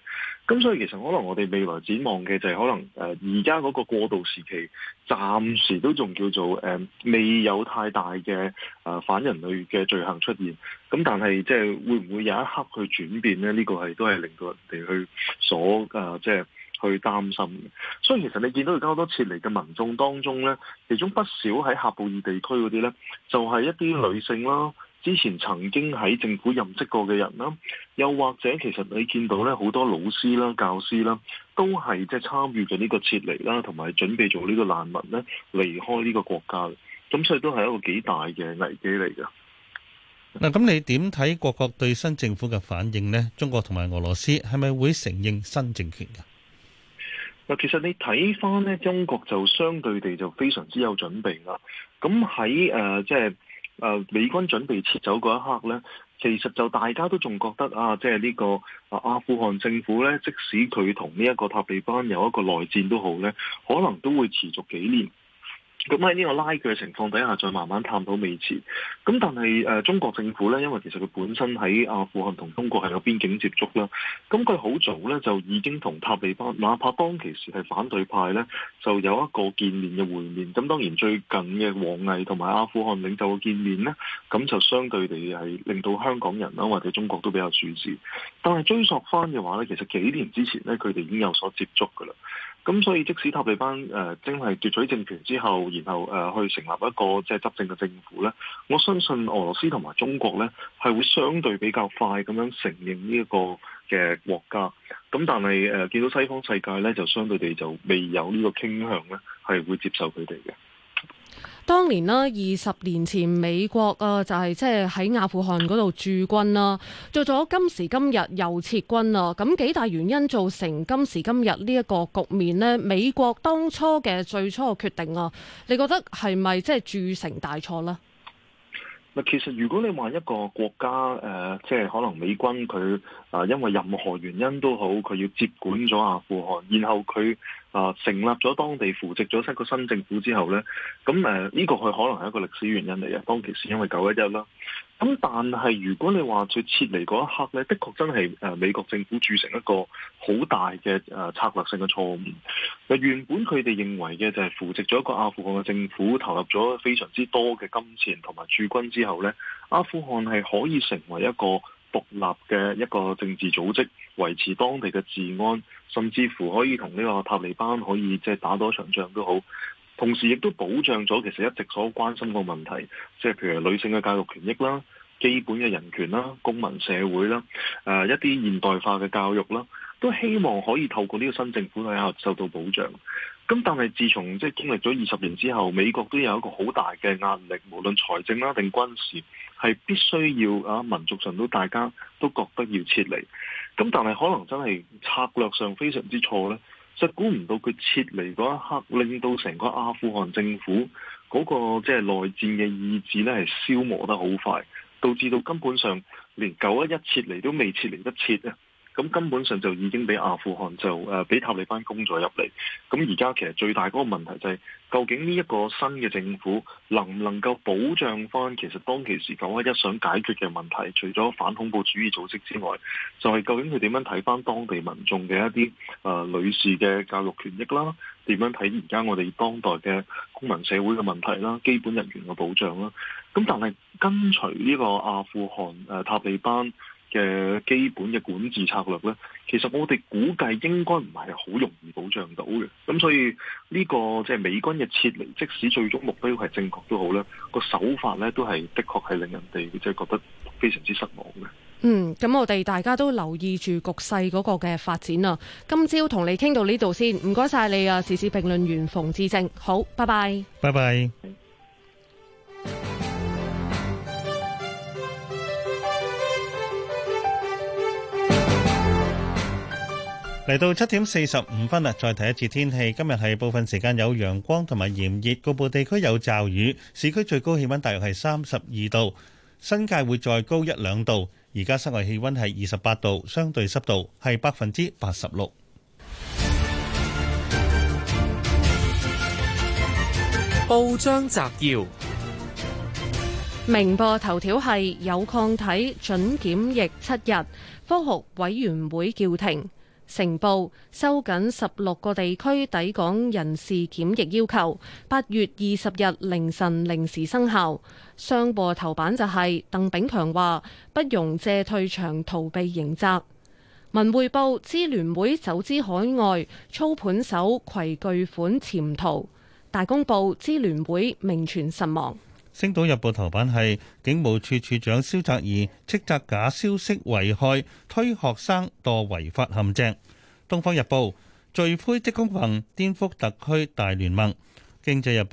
咁所以其實可能我哋未來展望嘅就係可能誒而家嗰個過渡時期，暫時都仲叫做誒、呃、未有太大嘅誒、呃、反人類嘅罪行出現。咁但係即係會唔會有一刻去轉變咧？呢、這個係都係令到人哋去所誒即係去擔心嘅。所以其實你見到而家好多撤離嘅民眾當中咧，其中不少喺喀布爾地區嗰啲咧，就係、是、一啲女性啦。之前曾經喺政府任職過嘅人啦，又或者其實你見到咧，好多老師啦、教師啦，都係即係參與咗呢個撤離啦，同埋準備做呢個難民咧，離開呢個國家，咁所以都係一個幾大嘅危機嚟噶。嗱，咁你點睇國國對新政府嘅反應呢？中國同埋俄羅斯係咪會承認新政權噶？嗱，其實你睇翻咧，中國就相對地就非常之有準備啦。咁喺誒即係。呃就是誒、呃、美軍準備撤走嗰一刻呢，其實就大家都仲覺得啊，即係呢個、啊、阿富汗政府呢，即使佢同呢一個塔利班有一個內戰都好呢，可能都會持續幾年。咁喺呢個拉鋸嘅情況底下，再慢慢探討未遲。咁但係誒、呃，中國政府咧，因為其實佢本身喺阿富汗同中國係有邊境接觸啦。咁佢好早咧，就已經同塔利班，哪怕當其時係反對派咧，就有一個見面嘅會面。咁當然最近嘅王毅同埋阿富汗領袖嘅見面咧，咁就相對地係令到香港人啦或者中國都比較注視。但係追溯翻嘅話咧，其實幾年之前咧，佢哋已經有所接觸噶啦。咁、嗯、所以即使塔利班誒正係奪取政權之後，然後誒、呃、去成立一個即係執政嘅政府咧，我相信俄羅斯同埋中國咧係會相對比較快咁樣承認呢一個嘅國家。咁、嗯、但係誒、呃、見到西方世界咧，就相對地就未有呢個傾向咧，係會接受佢哋嘅。當年啦，二十年前美國啊，就係即係喺阿富汗嗰度駐軍啦，做咗今時今日又撤軍啦。咁幾大原因造成今時今日呢一個局面呢？美國當初嘅最初嘅決定啊，你覺得係咪即係鑄成大錯呢？嗱，其實如果你話一個國家，誒、呃，即係可能美軍佢啊、呃，因為任何原因都好，佢要接管咗阿富汗，然後佢啊、呃、成立咗當地扶植咗一個新政府之後咧，咁、嗯、誒，呢、呃這個佢可能係一個歷史原因嚟嘅，當其時因為九一一啦。咁但係如果你話在撤離嗰一刻咧，的確真係誒美國政府鑄成一個好大嘅誒策略性嘅錯誤。原本佢哋認為嘅就係扶植咗一個阿富汗嘅政府，投入咗非常之多嘅金錢同埋駐軍之後呢，阿富汗係可以成為一個獨立嘅一個政治組織，維持當地嘅治安，甚至乎可以同呢個塔利班可以即係打多場仗都好。同時亦都保障咗其實一直所關心個問題，即係譬如女性嘅教育權益啦、基本嘅人權啦、公民社會啦、誒、呃、一啲現代化嘅教育啦，都希望可以透過呢個新政府去受到保障。咁但係自從即係經歷咗二十年之後，美國都有一個好大嘅壓力，無論財政啦定軍事，係必須要啊民族上都大家都覺得要撤離。咁但係可能真係策略上非常之錯呢。實估唔到佢撤離嗰一刻，令到成個阿富汗政府嗰個即係內戰嘅意志咧，係消磨得好快，導致到根本上連九一一撤離都未撤離得切。啊！咁根本上就已經俾阿富汗就誒俾、呃、塔利班攻咗入嚟。咁而家其實最大嗰個問題就係、是，究竟呢一個新嘅政府能唔能夠保障翻其實當其時九一一想解決嘅問題，除咗反恐怖主義組織之外，就係、是、究竟佢點樣睇翻當地民眾嘅一啲誒、呃、女士嘅教育權益啦？點樣睇而家我哋當代嘅公民社會嘅問題啦？基本人權嘅保障啦？咁但係跟隨呢個阿富汗誒、呃、塔利班。嘅基本嘅管治策略呢，其實我哋估計應該唔係好容易保障到嘅。咁、嗯、所以呢個即係美軍嘅撤離，即使最終目標係正確都好啦，個手法呢都係的確係令人哋即係覺得非常之失望嘅。嗯，咁我哋大家都留意住局勢嗰個嘅發展。謝謝啊，今朝同你傾到呢度先，唔該晒，你啊時事評論員馮志正，好，拜拜，拜拜。 嚟到七點四十五分啦，再睇一次天氣。今日係部分時間有陽光同埋炎熱，局部地區有驟雨。市區最高氣溫大約係三十二度，新界會再高一兩度。而家室外氣溫係二十八度，相對濕度係百分之八十六。報章摘要：明報頭條係有抗體准檢疫七日，科學委員會叫停。成報收緊十六個地區抵港人士檢疫要求，八月二十日凌晨零時生效。商報頭版就係鄧炳強話不容借退場逃避刑責。文匯報支聯會走資海外，操盤手携巨款潛逃。大公報支聯會名存實亡。《星島日報》頭版係警務處處長蕭澤頤斥責假消息危害，推學生墮違法陷阱。《東方日報》罪魁職工盟顛覆特區大聯盟。《經濟日報》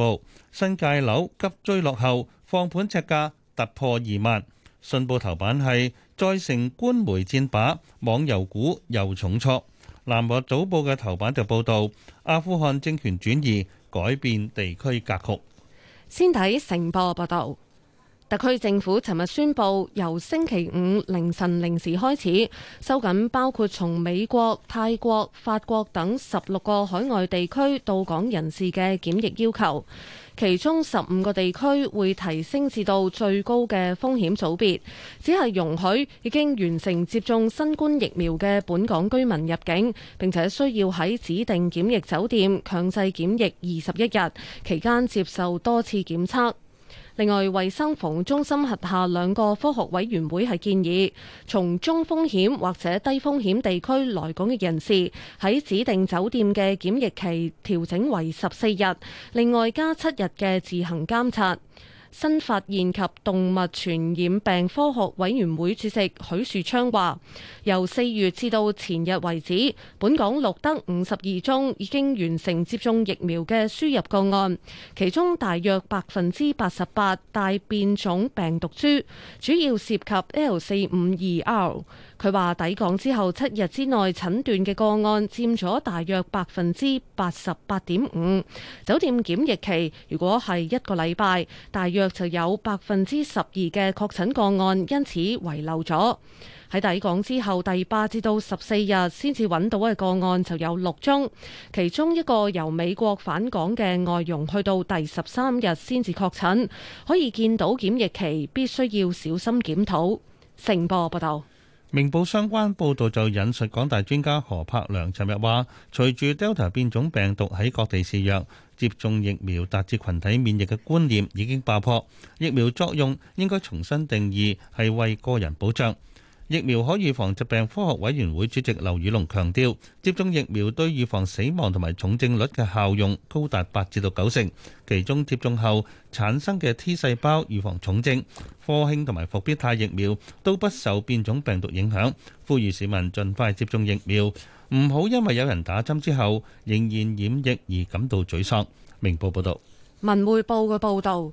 新界樓急追落後，放盤呎價突破二萬。《信報》頭版係再成官媒戰靶，網遊股又重挫。《南華早報》嘅頭版就報導阿富汗政權轉移，改變地區格局。先睇成報報道。特區政府尋日宣布，由星期五凌晨零時開始，收緊包括從美國、泰國、法國等十六個海外地區到港人士嘅檢疫要求。其中十五個地區會提升至到最高嘅風險組別，只係容許已經完成接種新冠疫苗嘅本港居民入境，並且需要喺指定檢疫酒店強制檢疫二十一日，期間接受多次檢測。另外，衛生防護中心轄下兩個科學委員會係建議，從中風險或者低風險地區來港嘅人士，喺指定酒店嘅檢疫期調整為十四日，另外加七日嘅自行監察。新發現及動物傳染病科學委員會主席許樹昌話：由四月至到前日為止，本港錄得五十二宗已經完成接種疫苗嘅輸入個案，其中大約百分之八十八帶變種病毒株，主要涉及 L 四五二 R。佢話：抵港之後七日之內診斷嘅個案佔咗大約百分之八十八點五。酒店檢疫期如果係一個禮拜，大約就有百分之十二嘅確診個案因此遺漏咗。喺抵港之後第八至到十四日先至揾到嘅個案就有六宗，其中一個由美國返港嘅外傭去到第十三日先至確診，可以見到檢疫期必須要小心檢討。盛波報道。明報相關報導就引述港大專家何柏良，尋日話：隨住 Delta 變種病毒喺各地肆虐，接種疫苗達至群體免疫嘅觀念已經爆破，疫苗作用應該重新定義，係為個人保障。疫苗可預防疾病。科學委員會主席劉宇龍強調，接種疫苗對預防死亡同埋重症率嘅效用高達八至到九成，其中接種後產生嘅 T 細胞預防重症、科興同埋復必泰疫苗都不受變種病毒影響，呼籲市民盡快接種疫苗，唔好因為有人打針之後仍然染疫而感到沮喪。明報報道。文匯報嘅報導。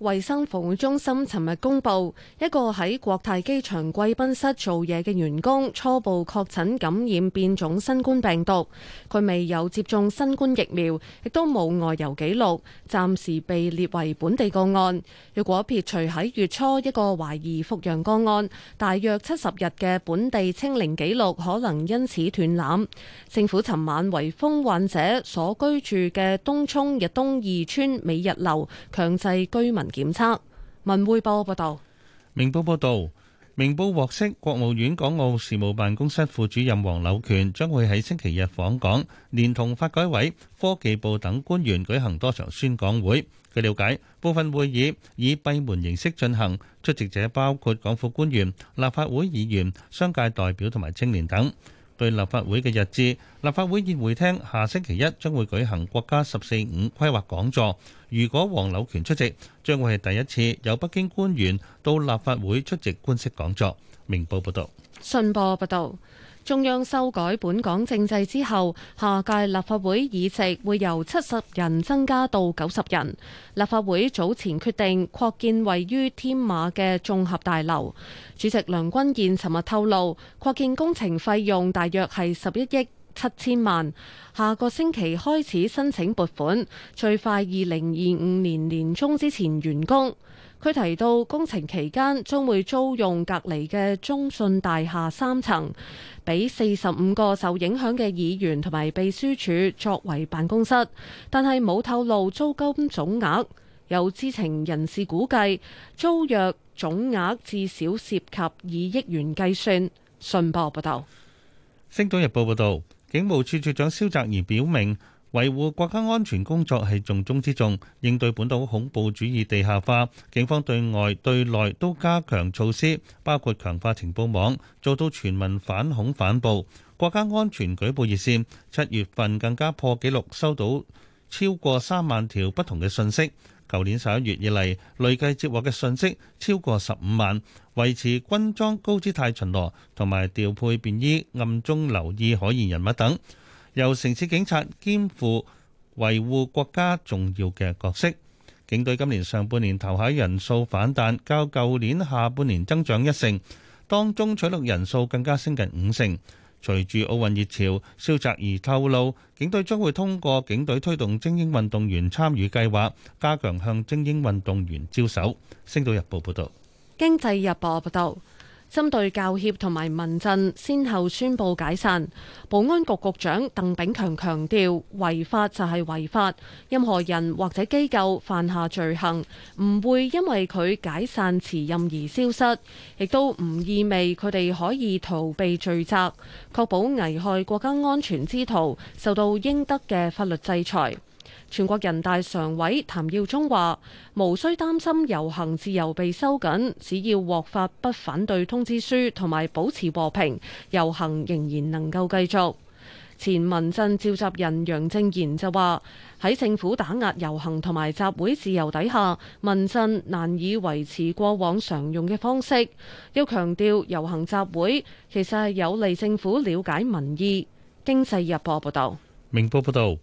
衛生防護中心尋日公布，一個喺國泰機場貴賓室做嘢嘅員工初步確診感染變種新冠病毒，佢未有接種新冠疫苗，亦都冇外遊記錄，暫時被列為本地個案。如果撇除喺月初一個懷疑復陽個案，大約七十日嘅本地清零記錄可能因此斷纜。政府尋晚圍封患者所居住嘅東涌逸東二邨美逸樓，強制居民檢測。文匯報報道，明報報道，明報獲悉，國務院港澳事務辦公室副主任黃柳權將會喺星期日訪港，連同發改委、科技部等官員舉行多場宣講會。據了解，部分會議以閉門形式進行，出席者包括港府官員、立法會議員、商界代表同埋青年等。據立法會嘅日誌，立法會議會廳下星期一將會舉行國家十四五規劃講座。如果黃柳權出席，將會係第一次有北京官員到立法會出席官式講座。明報報道，信報報道，中央修改本港政制之後，下屆立法會議席會由七十人增加到九十人。立法會早前決定擴建位於添馬嘅綜合大樓，主席梁君彥尋日透露，擴建工程費用大約係十一億。七千萬，下個星期開始申請撥款，最快二零二五年年中之前完工。佢提到工程期間將會租用隔籬嘅中信大廈三層，俾四十五個受影響嘅議員同埋秘書處作為辦公室，但係冇透露租金總額。有知情人士估計租約總額至少涉及以億元計算。信報報道，《星島日報》報道。警務處處長蕭澤頤表明，維護國家安全工作係重中之重，應對本土恐怖主義地下化，警方對外對內都加強措施，包括強化情報網，做到全民反恐反暴。國家安全舉報熱線七月份更加破紀錄，收到超過三萬條不同嘅信息。舊年十一月以嚟累計接獲嘅訊息超過十五萬，維持軍裝高姿態巡邏同埋調配便衣暗中留意可疑人物等，由城市警察肩負維護國家重要嘅角色。警隊今年上半年投考人數反彈，較舊年下半年增長一成，當中取錄人數更加升近五成。隨住奧運熱潮，蕭澤頤透露，警隊將會通過警隊推動精英運動員參與計劃，加強向精英運動員招手。星島日報報道。經濟日報報道。針對教協同埋民陣先後宣布解散，保安局局長鄧炳強強調，違法就係違法，任何人或者機構犯下罪行，唔會因為佢解散辭任而消失，亦都唔意味佢哋可以逃避罪責，確保危害國家安全之徒受到應得嘅法律制裁。全國人大常委譚耀宗話：無需擔心遊行自由被收緊，只要獲發不反對通知書同埋保持和平，遊行仍然能夠繼續。前民陣召集人楊政賢就話：喺政府打壓遊行同埋集會自由底下，民陣難以維持過往常用嘅方式。又強調遊行集會其實係有利政府了解民意。經濟日報、啊、報道，明報報道。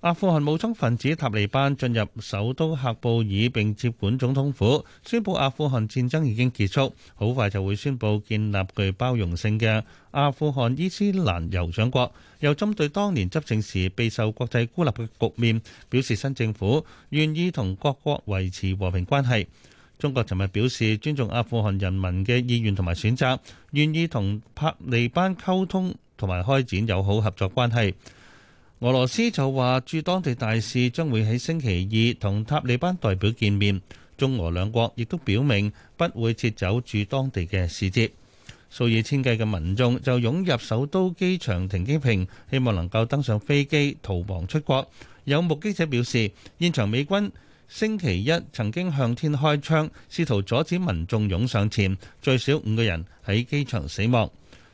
阿富汗武裝分子塔利班進入首都喀布爾，並接管總統府，宣布阿富汗戰爭已經結束，好快就會宣布建立具包容性嘅阿富汗伊斯蘭酋長國。又針對當年執政時備受國際孤立嘅局面，表示新政府願意同各國維持和平關係。中國尋日表示尊重阿富汗人民嘅意願同埋選擇，願意同塔利班溝通同埋開展友好合作關係。俄羅斯就話，駐當地大使將會喺星期二同塔利班代表見面。中俄兩國亦都表明不會撤走駐當地嘅使節。數以千計嘅民眾就湧入首都機場停機坪，希望能夠登上飛機逃亡出國。有目擊者表示，現場美軍星期一曾經向天開槍，試圖阻止民眾湧上前，最少五個人喺機場死亡。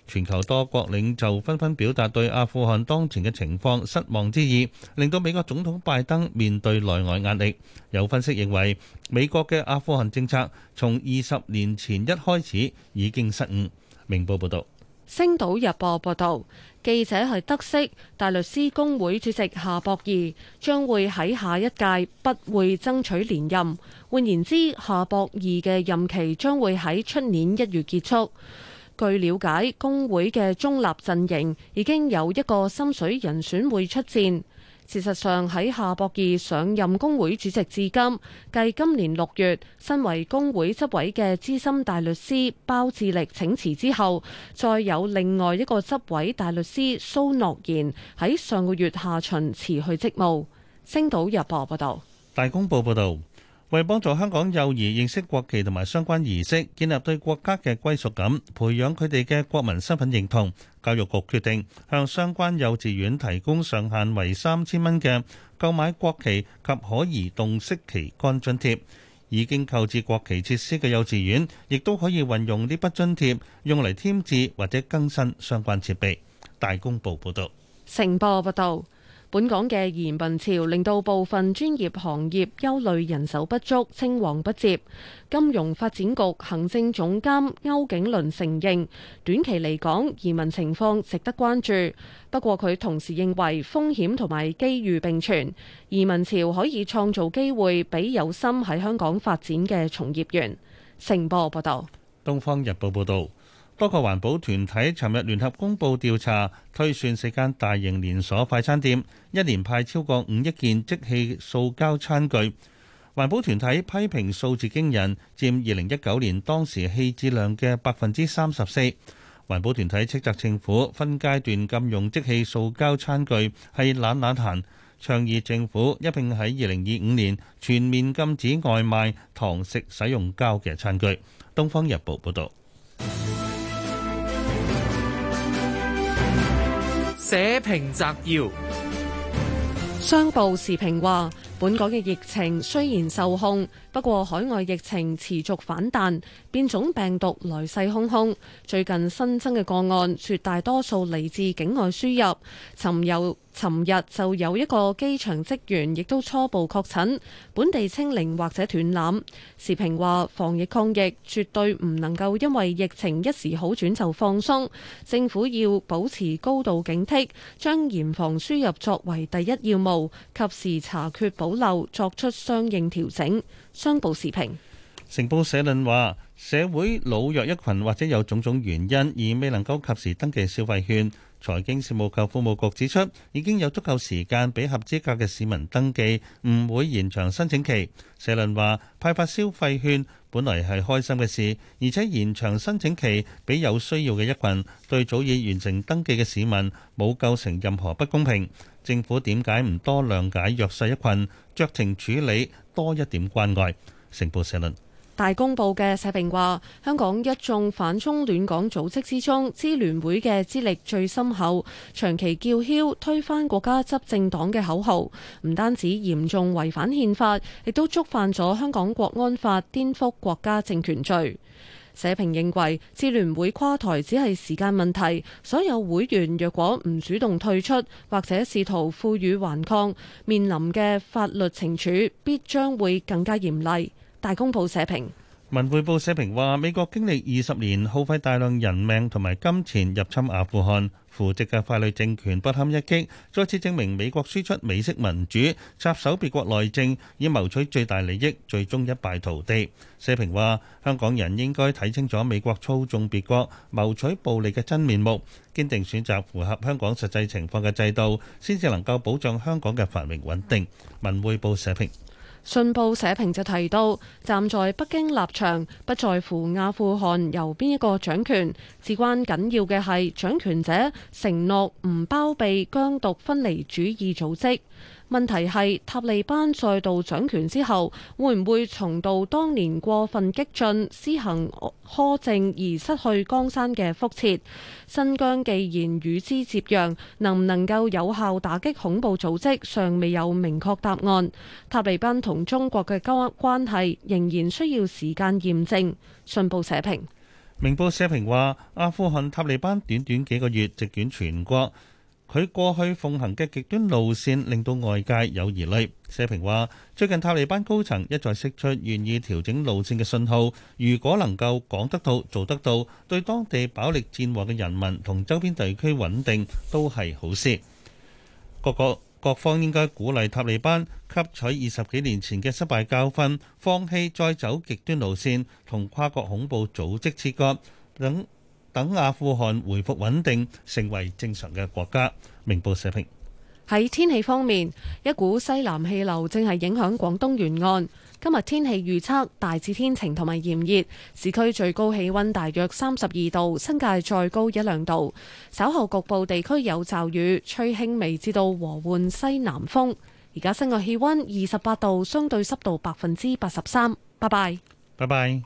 全球多國領袖紛紛表達對阿富汗當前嘅情況失望之意，令到美國總統拜登面對內外壓力。有分析認為，美國嘅阿富汗政策從二十年前一開始已經失誤。明報報道。《星島日報》報道，記者係得悉，大律師公會主席夏博義將會喺下一屆不會爭取連任。換言之，夏博義嘅任期將會喺出年一月結束。據了解，工會嘅中立陣營已經有一個深水人選會出戰。事實上，喺夏博義上任工會主席至今，繼今年六月身為工會執委嘅資深大律師包志力請辭之後，再有另外一個執委大律師蘇諾言喺上個月下旬辭去職務。星島日報報道。大公報報道。為幫助香港幼兒認識國旗同埋相關儀式，建立對國家嘅歸屬感，培養佢哋嘅國民身份認同，教育局決定向相關幼稚園提供上限為三千蚊嘅購買國旗及可移動式旗杆津貼。已經購置國旗設施嘅幼稚園，亦都可以運用呢筆津貼用嚟添置或者更新相關設備。大公報報道，成報報道。本港嘅移民潮令到部分專業行業憂慮人手不足、青黃不接。金融發展局行政總監歐景倫承認，短期嚟講移民情況值得關注。不過佢同時認為風險同埋機遇並存，移民潮可以創造機會俾有心喺香港發展嘅從業員。盛波報道，《東方日報》報道。多個環保團體尋日聯合公佈調查推算，四間大型連鎖快餐店一年派超過五億件即棄塑膠餐具。環保團體批評數字驚人，佔二零一九年當時棄置量嘅百分之三十四。環保團體斥責政府分階段禁用即棄塑膠餐具係懶懶閒，倡議政府一併喺二零二五年全面禁止外賣堂食使用膠嘅餐具。《東方日報》報導。寫評摘要，商報時評話，本港嘅疫情雖然受控，不過海外疫情持續反彈，變種病毒來勢洶洶，最近新增嘅個案絕大多數嚟自境外輸入，尋有尋日就有一個機場職員亦都初步確診，本地清零或者斷纜，時評話防疫抗疫絕對唔能夠因為疫情一時好轉就放鬆，政府要保持高度警惕，將嚴防輸入作為第一要務，及時查缺補。保留作出相應調整，商報時評。成報社論話，社會老弱一群或者有種種原因而未能夠及時登記消費券。財經事務及服務局指出，已經有足夠時間俾合資格嘅市民登記，唔會延長申請期。社論話，派發消費券本來係開心嘅事，而且延長申請期俾有需要嘅一群，對早已完成登記嘅市民冇構成任何不公平。政府點解唔多諒解弱勢一群，酌情處理多一點關愛？成報社論。大公報嘅社評話：香港一眾反中亂港組織之中，支聯會嘅資歷最深厚，長期叫囂推翻國家執政黨嘅口號，唔單止嚴重違反憲法，亦都觸犯咗香港國安法，顛覆國家政權罪。社評認為，支聯會垮台只係時間問題，所有會員若果唔主動退出或者試圖負隅頑抗，面臨嘅法律懲處必將會更加嚴厲。大公報社評，《文匯報》社評話：美國經歷二十年，耗費大量人命同埋金錢入侵阿富汗，扶植嘅傀儡政權不堪一擊，再次證明美國輸出美式民主、插手別國內政以謀取最大利益，最終一敗塗地。社評話：香港人應該睇清楚美國操縱別國、謀取暴力嘅真面目，堅定選擇符合香港實際情況嘅制度，先至能夠保障香港嘅繁榮穩定。《文匯報》社評。信報社評就提到，站在北京立場，不在乎阿富汗由邊一個掌權，至關緊要嘅係掌權者承諾唔包庇疆獨分離主義組織。問題係塔利班再度掌權之後，會唔會重蹈當年過分激進、施行苛政而失去江山嘅覆轍？新疆既然與之接壤，能唔能夠有效打擊恐怖組織，尚未有明確答案。塔利班同中國嘅交關係仍然需要時間驗證。信報社評，明報社評話：阿富汗塔利班短短，短幾個月席捲全國。佢過去奉行嘅極端路線令到外界有疑慮，社評話：最近塔利班高層一再釋出願意調整路線嘅訊號，如果能夠講得到、做得到，對當地飽歷戰禍嘅人民同周邊地區穩定都係好事。各國各方應該鼓勵塔利班吸取二十幾年前嘅失敗教訓，放棄再走極端路線同跨國恐怖組織切割等。等阿富汗回復穩定，成為正常嘅國家。明報社評。喺天氣方面，一股西南氣流正係影響廣東沿岸。今日天氣預測大致天晴同埋炎熱，市區最高氣溫大約三十二度，新界再高一兩度。稍後局部地區有驟雨，吹輕微至到和緩西南風。而家室外氣溫二十八度，相對濕度百分之八十三。拜拜。拜拜。